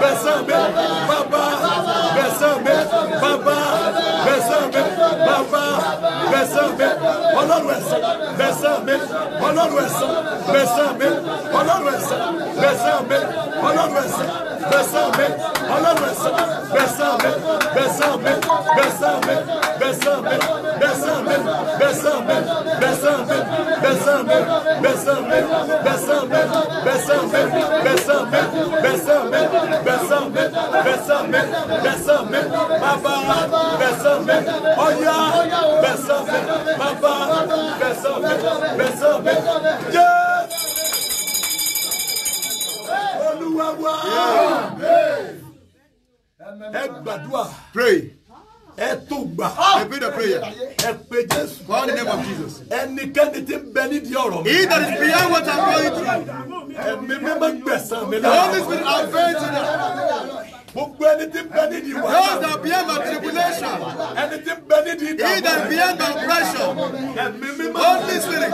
Baba, Baba, Bessambe, Baba, Bessambe, Baba, Bessambe, vers bẹsẹ mi olóòrùẹsẹ bẹsẹ mi olóòrùẹsẹ bẹsẹ mais olóòrùẹsẹ bẹsẹ mi vers bẹsẹ mi bẹsẹ mi bẹsẹ vers bẹsẹ mi bẹsẹ mi mais mi bẹsẹ mi bẹsẹ mi bẹsẹ mi bẹsẹ mais Olúwa wa. Ẹ gbàdúrà. Ah! Pray. the prayer. Ẹ Jésù. Call the name of Jesus. Ẹnikẹ́ni tí ń bẹ nídìí ọ̀rọ̀ mi. He that is beyond what I'm going through. Ẹ̀mí mi máa gbẹ̀sán mi lọ. The Holy Spirit are faithful. Anything buried Those that beyond the tribulation. Anything buried you. He that beyond the oppression. Holy Spirit.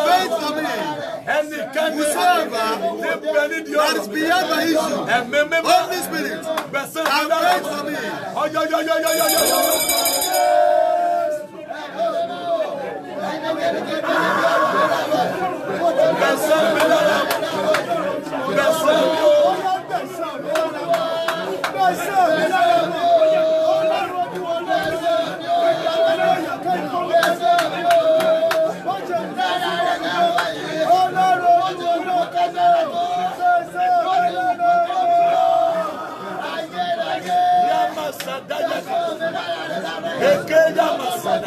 pray for me. Whosoever that is beyond the issue. Holy Spirit. pray for me. Oh, yo, yo, yo, yo, yo, yo, yo.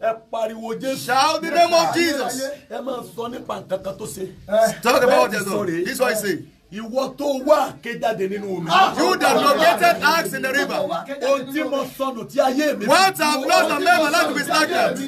ẹ pariwo jésù. shout the name of jesus. ẹ máa sọ nípa nǹkan kan tó ṣe. talk about jesus this one say. Ìwọ tó wá kéjáde nínú omi. Ah! You that ah! located axe in the river. Ohun tí mo sọnù tí ayé mi. What have lost and never like to be stagnant.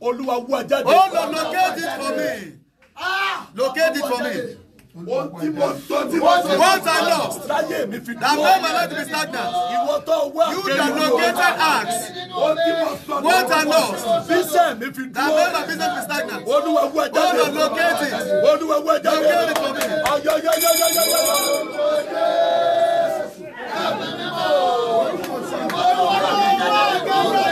Olúwa wú ajáde. Oh Lord, locate it for me. Ah! Locate it for me. Wọ́n tí mo sọ tí mo sọ. Once I lost. Láyé mi fi dúró. That made my life to be stagnant. Ìwọ tó wá. You that located ask. Wọ́n tí mo sọ. Once I lost. Bísẹ̀ mi fi dúró. That made my business to be stagnant. Olúwa wú ẹja mi. Olúwa locate it. Olúwa wú ẹja mi. Locate it for me. Ayọyọyọyọyọyọ. Olúwa mi mọ̀. Olúwa mi mọ̀.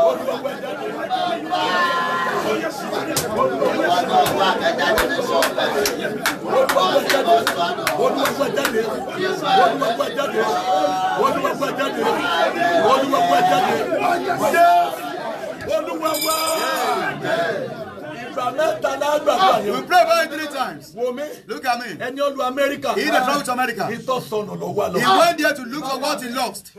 We pray for very three times. Look at me. He's olú Amẹ́ríkà. of America. He tọ́ He went there to look for what he lost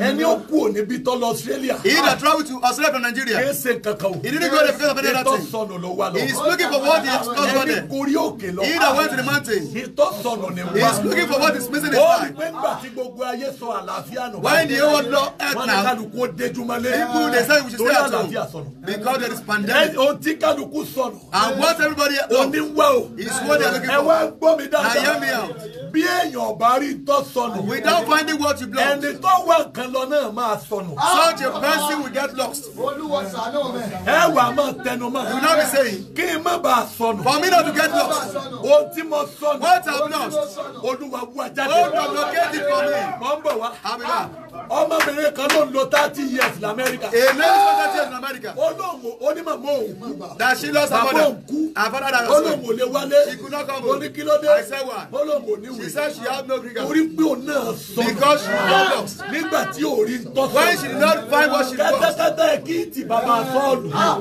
ẹni ó kú òní bí tọ́ lọ Australia. he ah. that travel to Australia from Nigeria. kì í ṣe kankan he didn't go there because of any other thing. he is looking for what he is lost one day. ẹni gorí òkè lọ. he that went to the mountain. ìtọ́ sọnù ni wà. he is looking for what is missing in his life. ńgbà tí gbogbo ayé sọ àlàáfíà nù. why the whole law earth now. wọn ní kálukú déjúmọ́lé. people dey say we should stay at home. because there is pandemic. ohun tí kálukú sọnù. and what everybody. oní wá o. is what they are looking for. ẹ wá gbọ́ mi dáadáa. na hear me out. bí èèyàn bá rí ìtọ́ sọnù. without finding what you belong. ẹni tó tó wà nǹkan lọ náà máa sọnù. such a person will get lost. olúwa ṣàánú mi. ẹ wà á máa tẹnu mọ́. you know not be saying. kí n má bàa sọnù. for me not to get lost. ohun tí mo sọnù. what I have lost. olúwa wú ajáde. hold on locate it for me. mo ń bọ̀ wá. amina. ọmọbìnrin kan ló ń lo thirty years in America. a lady for thirty years in America. olóhùn onímọ̀mọ́ òun. that she lost her mother. her father that was olóhùn ò lè wálé. she could not come home. oníkílódé. I said why. olóhùn ò ní wèé. she said she had no green card. torí pé òun náà sọnù. because she no, lost nígbà tí ò rí ntọ́ why she did not find what she lost. kẹ́tẹ́kẹ́tẹ́ kí ti bàbá sọ́ọ̀nù ah,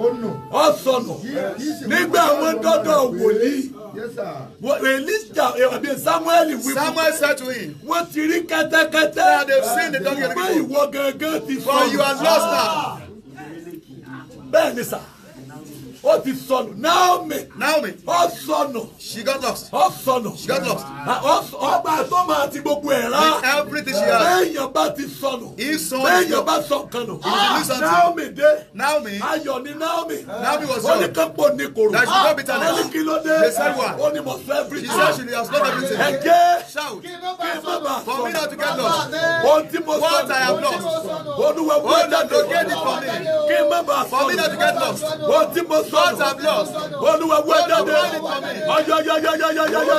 ọ sọnù nígbà wọn dọ́dọ̀ wòlíì. Elija eh, àbí Samuel wí. Samuel said to him. Wọ́n ti rí kẹ́tẹ́kẹ́tẹ́. They have seen the donkey. Pé ìwọ gángan ti sọnù. For you are lost now. Ah. Bẹ́ẹ̀ni sà ó ti sọnù naomi. naomi. ó sọnù. she got lost. ó sọnù. she got lost. Ah, ọgbà tó máa ti gbogbo ẹ̀ rá. everything she has. bẹ́ẹ̀yàn bá ti sọnù. he sọnù. bẹ́ẹ̀yàn bá sọ nǹkan nù. he sọnù. Ah, naomi dé. naomi. ayọ̀ ni naomi. naomi was young. ó ní kápò koro. that she be ah, talent. ó kí ló dé. they said why. ó ní mo she said she has not everything. ẹ̀jẹ̀. shout. kí ló bá sọnù. for me not to get lost. ohun tí mo sọnù. what I have lost. olúwa wọ́n jáde. to get it for me. kí n má sọnù. for me not to get lost. ohun tí mo sọnù. Gods I've lost. Olúwa wé jáde. Ayayayayayayaya.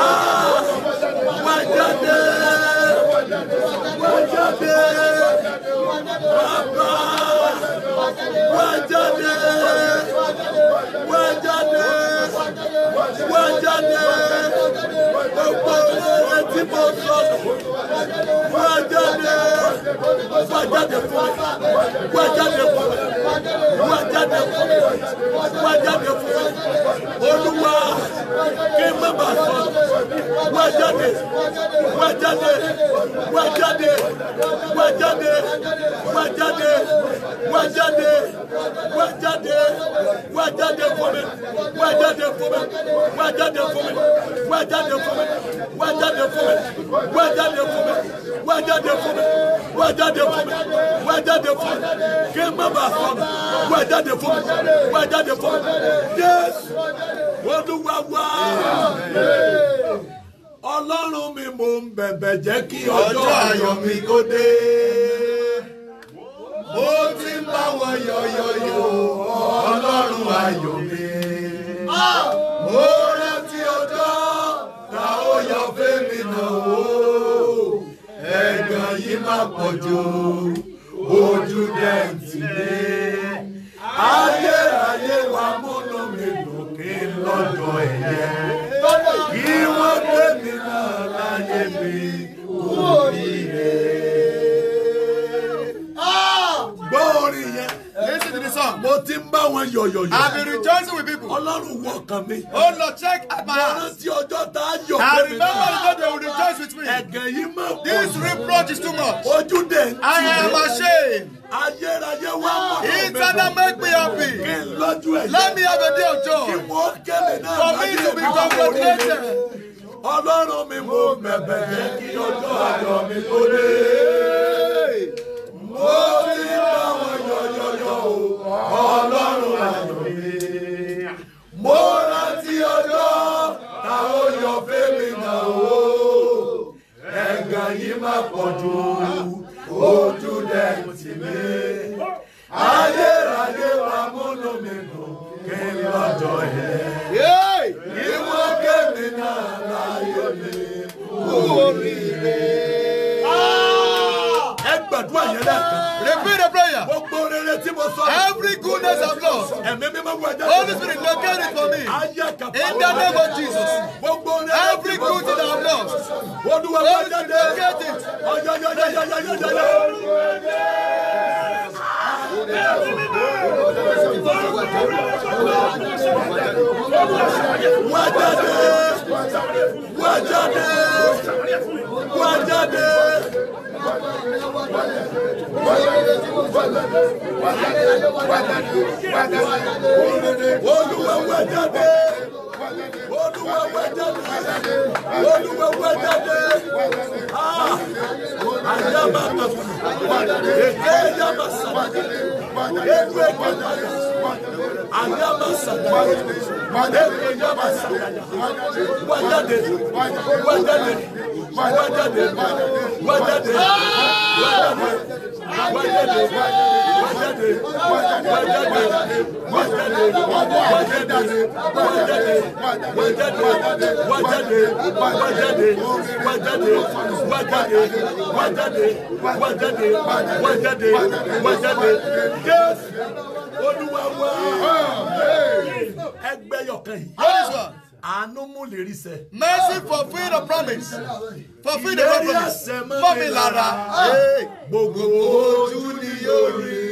Ah, wájáde, wájáde, bàbá, wájáde, wájáde, wájáde wajade, olóore tí wajade, sọ wá wajade, wá jáde wajade, mi wá jáde fún mi wá jáde fún mi wá jáde fún mi olúwa kí n má bàa sọ wá jáde wá jáde wá jáde wá jáde wá jáde wá jáde wá jáde wá jáde fún mi wá jáde fún mi wá jáde fún mi wá jáde fún mi wá jáde fún mi wá jáde fún mi wá jáde fún mi wá jáde fún mi wá jáde fún mi kí n má bàa sọnù wá jáde fún mi wá jáde fún mi Ọlọ́run mi mò ń bẹ̀bẹ̀ jẹ́ kí ọjọ́ ayọ̀ mi kó dé. Mo ti ń bá wọn yọ̀yọ̀ Ọlọ́run ayọ̀ mi. yìí má pọ̀ jù ojú dẹ́ǹtì lé ayérayé wa múnú mi dùn kí n lọ́jọ́ ẹ̀yẹ kí wọ́n gbé mi náà láyé mi. mo ti ń bá wọn yọ̀yọ̀yọ̀. I be rejoicing with people. ọlọ́run wọ ọkàn mi. ó oh, lọ check my heart. mo rántí ọjọ́ tá a yọ̀ I remember the day they will rejoice with me. ẹ̀gẹ̀ yìí máa pọ̀. This reproach is too much. ojú ń tì mí. I am ashamed. ayérayé wá mọ̀. Eternal make me happy. kí n lọ́jú ẹ̀jẹ̀. Let me have a day of kí wọ́n kẹ́lẹ̀ náà. For me to be congratulated ọlọ́run mi mo bẹ̀bẹ̀ jẹ́ kí ọjọ́ àjọ mi tó dé mo ti bá wọn yọ̀yọ̀yọ̀ o ọlọ́run ta ó yọ fẹ́mi náà o ẹ̀gàn yìí má pọ̀ jù ojú dẹ̀ wa múnú mi dùn kí n lọ́jọ́ yẹn. ìwọ́n kẹ́mi náà gbàdúrà yẹn lẹ́ẹ̀kan. repeat the prayer. gbogbo rere tí mo sọ. every goodness of God. ẹ̀mí mi máa wọ ẹja. holy spirit locate it for me. ayé kàpá wọlé. in the name of jesus. gbogbo rere tí mo sọ. every goodness and love. olúwa wọ ẹja dé. locate it. ọjọ́ yọ yọ yọ yọ yọ yọ wọ́n jáde wọ́n jáde wọ́n jáde. Olúwa wọ́n jáde. Olúwa wọ́n jáde. Olúwa wọ́n jáde. Ah! Ayaba kafuni. Eke yaba sabakele. Ebre Kenya, Ayaba Sadaya, Ebre Yaba Sadaya, Wadade, Wadade, Wadade, Wadade, Wadade, Wadade, Wadade, Olúwa wa ẹgbẹ́ yọ̀kan yìí àánú mú lè rí sẹ. mercy fulfil the promise For free the promise fún mi lára. gbogbo ojú ni yóò rí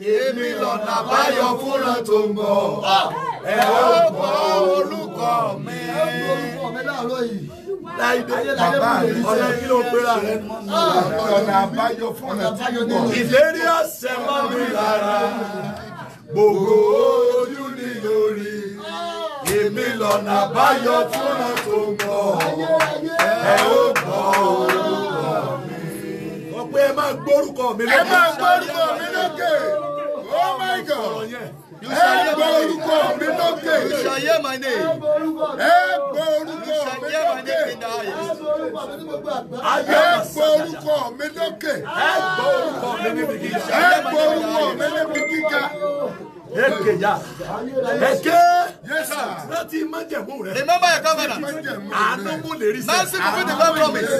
èmi lọ́nà àbáyọ fúnra tó ń bọ̀ ah. ẹ ó gbọ́ orúkọ mi. ẹ ó gbọ́ orúkọ mi láàárọ̀ yìí láìdé bàbá ọ̀nà kí ló gbéra rẹ̀ ah. ọ̀nà àbáyọ fúnra tó ń bọ̀. ìlérí ọ̀sẹ̀ máa ń rí lára gbogbo ojú ni yóò èmi lọ́nà àbáyọ fúnra tó ń bọ̀ ẹ ó gbọ́ orúkọ mi. ọ̀pẹ ẹ máa gbórúkọ mi lókè. ẹ máa gbórúkọ mi lókè. Oh my God. You shall hear my name. You shall hear my name. Ẹ gbọ́ orúkọ mi lókè. Ẹ gbọ́ orúkọ mi lókè. Ẹ gbọ́ orúkọ mi níbi gíga. Ẹ gbọ́ orúkọ mi níbi gíga ekeja eke rántí májẹ̀mú rẹ. Oh, remember your covenant. àánú mú lè rí sẹ. nancy fulfil the God promise. bẹ́ẹ̀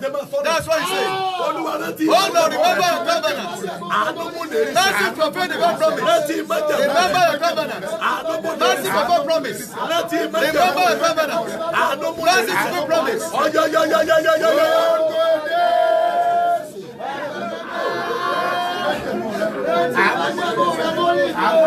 tẹ ma sọ. that's why he say. olúwa rántí. oh no remember your covenant. àánú mú lè rí sẹ. nancy fulfil the God promise. rántí májẹ̀mú rẹ. remember your covenant. àánú mú lè rí sẹ. nancy fulfil promise. rántí májẹ̀mú rẹ. remember your covenant. àánú mú lè rí sẹ. nancy fulfil promise. ọyọyọyọyọyọyọ. Baba!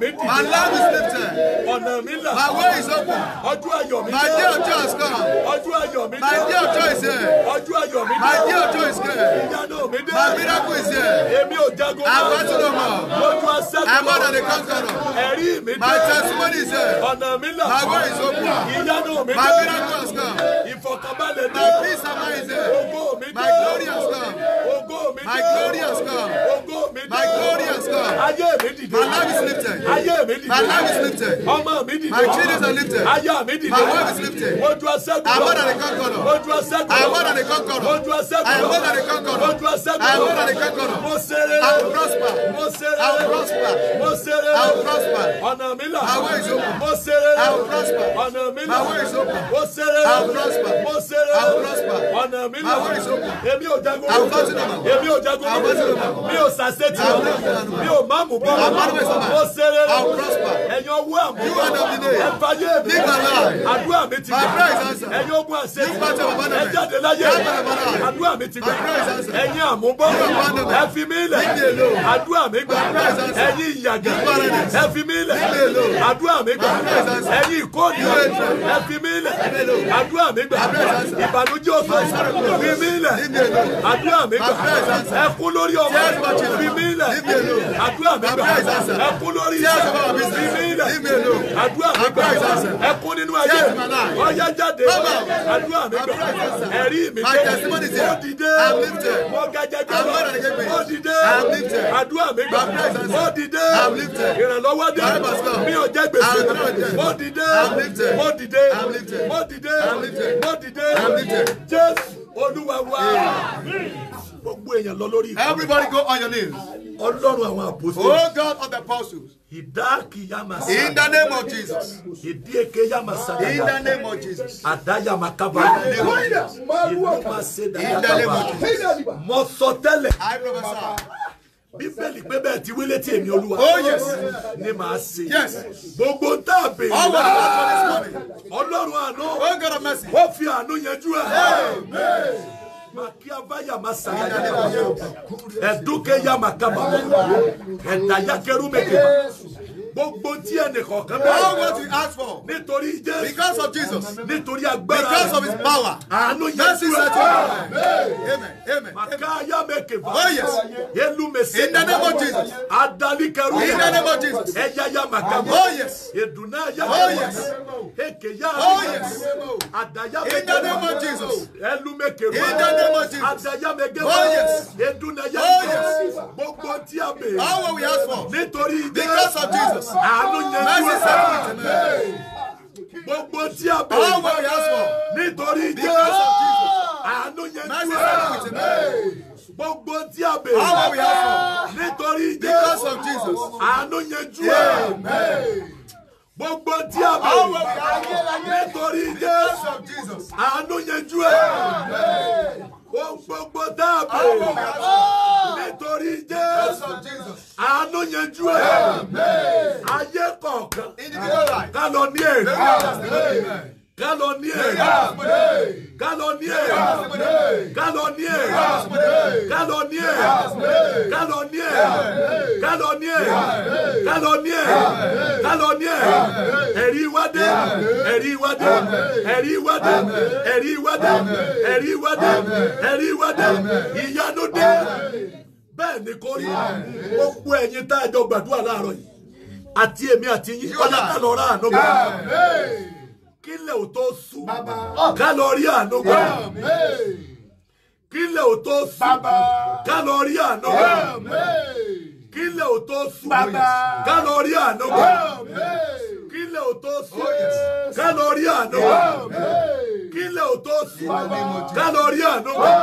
méjì. my lamp is lifted. ọ̀nà mi là. my way is open. ọjọ́ ayọ̀ mi dé. my dear of is come. ọjọ́ ayọ̀ mi dé. my dear of is here. ọjọ́ ayọ̀ mi dé. my dear of is here. ìyanu mi dé. my miracle is here. èmi ò jago mọ́. àgbà tí ló mọ̀. lójú asẹ́gun. I'm more than a conqueror. ẹ̀rí mi dé. my testimony is here. ọ̀nà mi là. my way is open. ìyanu mi dé. my miracle is. come. ìfọ̀kànbalẹ̀ dé. my peace and mind is here. ògo mi dé. my glory is. come. My glorious God. My glorious God. Ayé My life is lifted. My life is lifted. My children are lifted. My wife is lifted. I am more than a conqueror. I am more than a conqueror. I am more than a conqueror. I am more than a conqueror. I will prosper. I will prosper. I will prosper. My way is open. I will prosper. My way is open. I will prosper. I will prosper. My way is open. I will continue jagun mi ò sàṣetì mi ò má mú bọ́ mo ṣe rere ẹ̀yin ọwọ́ àmú ẹ fàyè mi àdúrà mi ti gbà ẹ̀yin ogun àṣetì ẹ jáde láyé àdúrà mi ti gbà ẹ̀yin àmúbọ́ ẹ fi mi lẹ̀ àdúrà mi gbà ẹ̀yin ìyàgà ẹ fi mi lẹ̀ àdúrà mi gbà ẹ̀yin ìkóòdì ẹ fi mi lẹ̀ àdúrà mi gbà ìbànújẹ́ òfò fi mi lẹ̀ àdúrà mi gbà ẹkún lórí ọmọ bíbí ilẹ̀ àdúrà gbígbà ẹkún lórí iṣẹ́ bíbí ilẹ̀ àdúrà gbígbà ẹkún nínú ayé ọyá jáde àdúrà gbígbà ẹ̀rí mi dé ó dìde mo gẹ́gẹ́ gbé ó dìde àdúrà gbígbà ó dìde ìrànlọ́wọ́ dé mi ò jẹ́ gbèsè ó dìde ó dìde ó dìde ó dìde Jésù Olúwa wa gbogbo èèyàn lọ lórí ìkọlẹ̀. everybody go on your knees. ọlọ́run àwọn apostles. oh God of the apostles. ìdáàkì yamasa. in the name of Jesus. ìdíyeke yamasa. in the name of Jesus. àdáyàmà kaba. in the name of Jesus. ìlú ma ṣe dáyà kaba. mo sọ tẹ́lẹ̀. I prophesy bíbélì pé bẹ́ẹ̀ ti wílé tí èmi olúwa oh, ni màá ṣe gbogbo tá a bèèrè lára ọlọ́run àánú oh, ó fi àánú yanjú ẹ̀. makiava ya masanga ya edu ke ya makama edaya keru mekeba gbogbo tí ẹnìkọ̀ọ̀kan bẹ́ẹ̀. all what he asked for. nítorí jésù. because of jesus. nítorí agbára. because of his power. àánú yẹn kúrò. amen amen. màkà ayámẹ̀kẹ̀ bá. oh yes. yẹlu mẹsẹ̀. in the name of jesus. adali kẹrù. in the name of jesus. ẹ̀yà ya màkà. oh yes. ìdùnnà ya. Oh, oh yes. èkè ya. oh yes. àdàyà mẹkẹ. in the name of jesus. ẹlu mẹkẹ bá. in the name of jesus. àdàyà mẹkẹ bá. oh yes. ìdùnnà ya. oh yes. gbogbo tí a bẹ̀. all what we ask for. nítorí jésù. because of jesus àánú yẹn dúró gbogbo tí a bẹ̀rẹ̀ nítorí jésù àánú yẹn dúró gbogbo tí a bèrè nítorí jésù àánú yanjú ẹ gbogbo tí a bèrè nítorí jésù àánú yanjú ẹ ohun gbogbo tá a béèrè nítorí Jésù àánú yanjú ẹ̀ ayé kọ̀ọ̀kan ká lọ ní èrè. Galonier, Galonier, Galonier, Galonier, Galonier, Galonier, Galonier, Galonier, Galonier, ẹ̀rí wá dé, ẹ̀rí wá dé, ẹ̀rí wá dé, ẹ̀rí wá dé, ẹ̀rí wá dé, ẹ̀rí wá ìyanu dé. Bẹ́ẹ̀ ni kò rí, ó ẹ̀yin tá a jọ gbàdúrà láàárọ̀ yìí, àti èmi àti yín, ọ̀làkàlọ́ rà ànú kílẹ̀ ò tó sùn ká lọ rí àánú gbà kílẹ̀ ò tó sùn ká lọ rí àánú gbà kílẹ̀ ò tó sùn ká lọ rí gbà kílẹ̀ ò tó sùn oh, ká lọ gbà kílẹ̀ ò tó sùn kálọ̀ orí àánú gbà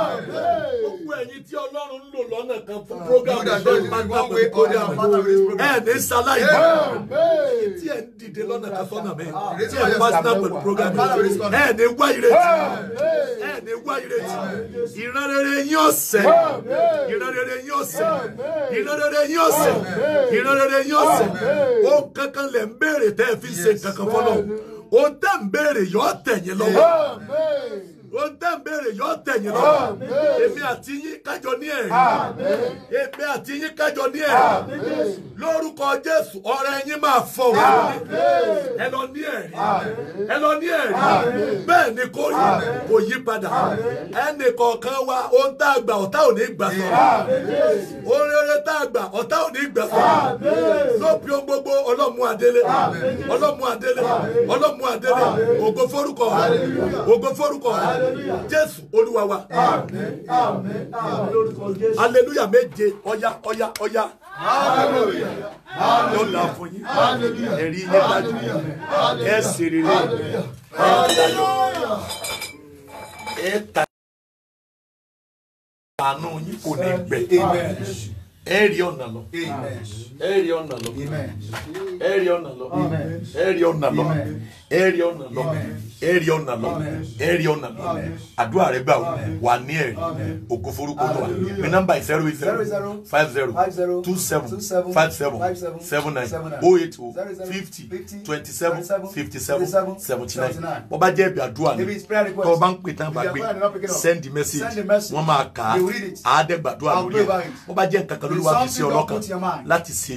gbogbo ẹ̀yin tí ọlọ́run ń lò lọ́nà kan fún programu lórí pátákó ìkórè àwọn ẹ̀ ní sáláì tí ẹ̀ ń dìde lọ́nà kan sọ́nà mẹ́ ah, tí ẹ̀ ń wá sínú pẹ̀lú programu ẹ̀ ní wá ìrètí ẹ̀ ní wá ìrètí ìran rere yín ọ̀sẹ̀ ìran rere yín ọ̀sẹ̀ ìran rere yín ọ̀sẹ̀ ìran rere yín ọ̀sẹ̀ ó kankan lẹ̀ ń béèrè tẹ́ ẹ fi ṣe kankan fọ́nà ó tẹ̀ ń béèrè yóò tẹ̀ yín lọ́wọ́ ohun tẹ́ ń béèrè yóò tẹ̀yìn lọ èmi àti yín kájọ ní ẹ̀rí èmi àti yín kájọ ní ẹ̀rí lórúkọ jésù ọ̀rẹ́ yín máa fọ wọ́n ẹ lọ ní ẹ̀rí ẹ lọ ní ẹ̀rí bẹ́ẹ̀ ni kò yí kò yí padà ẹnì kọ̀ọ̀kan wa ohun tá a gbà ọ̀tá ò ní gbà sọ ohun tá a gbà ọ̀tá ò ní gbà sọ lópin gbogbo ọlọ́mú adélé ọlọ́mú adélé ọlọ́mú adélé ògo forúkọ ògo forúkọ jésù olúwa wa àmín àmín àmín aleluya méje ọya ọya ọya yóò là fún yín ẹ̀rí yín dájú Hallelujah. sì rere ẹ̀ Hallelujah. ẹ̀ ta àánú yín kò ní gbẹ ẹ rí ọ̀nà lọ ẹ rí ọ̀nà lọ ẹ rí ọ̀nà lọ ẹ rí ọ̀nà lọ ẹ rí ọ̀nà lọ ẹ̀rí ọ̀nà lọ ẹ̀rí ọ̀nà lọ àdúrà rẹ gbà wà ní ẹ̀rí ògo forúkọ lọ mi nọ́mbà yìí zero zero five zero two seven five seven seven nine oh eight oh fifty twenty seven fifty seven seventy nine bó bá jẹ́ ẹ̀bì àdúrà ni tó o bá ń pè tán bá gbé send message wọ́n máa kà á àádẹ́gbàdúrà lórí ẹ̀ bó bá jẹ́ nǹkan kan lórí wa fi sí ọlọ́kan láti ṣe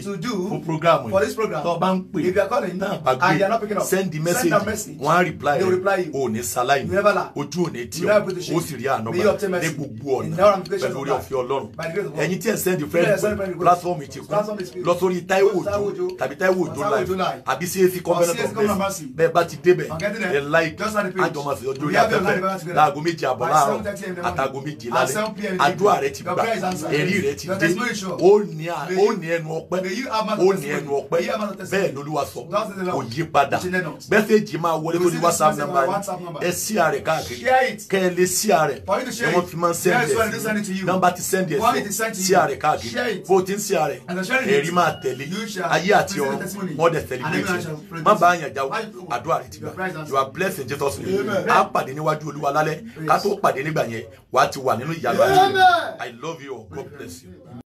fún programu yìí tó o bá ń pè tán bá gbé send message wọ́n á reply rẹ̀ o ní sáláì ní ojú ò ní tí o o sì rí àná bá ní gbogbo ọ̀nà pẹ̀lú orí ọ̀fẹ́ ọlọ́run ẹ̀yin tí ẹ̀ send friend pé platform ti kún lọ sórí Táíwò Òjó tàbí Táíwò Òjó live àbí CAC covenant of mercy bẹ́ẹ̀ bá ti débẹ̀ ẹ̀ like àjọmọ̀sí ọjọ́ orí afẹ́fẹ́ láago méjì àbọ̀ láàárọ̀ àtàgọ́ méjì lálẹ́ àdúrà rẹ ti gbà ẹ̀rí rẹ ti dé ó ní ẹnu ọpẹ́ ó ní ẹnu ọpẹ́ bẹ́ẹ̀ lolúwa sọ kò yí padà mẹ́sẹ̀jì máa wọlé lórí WhatsApp nọ́mbà yìí ẹ sí àrẹ káàkiri kẹ ẹ lè sí àrẹ ẹ wọ́n fi máa ń sẹ́ndì ẹ̀ nọ́mbà ti sẹ́ndì ẹ̀ sí àrẹ káàkiri bó ti ń sí àrẹ ẹ̀rí máa tẹ̀lé ayé àti ọ̀run wọ́n dẹ̀ tẹ̀lé bí ẹ̀ má bàa yàn jáwó àdúrà rẹ ti gbà you are blessed in Jesus name á pàdé níwájú olúwa lálẹ́ ká tó pàdé nígbà yẹn wàá ti wà nínú ìyàlú àti I love you God bless you.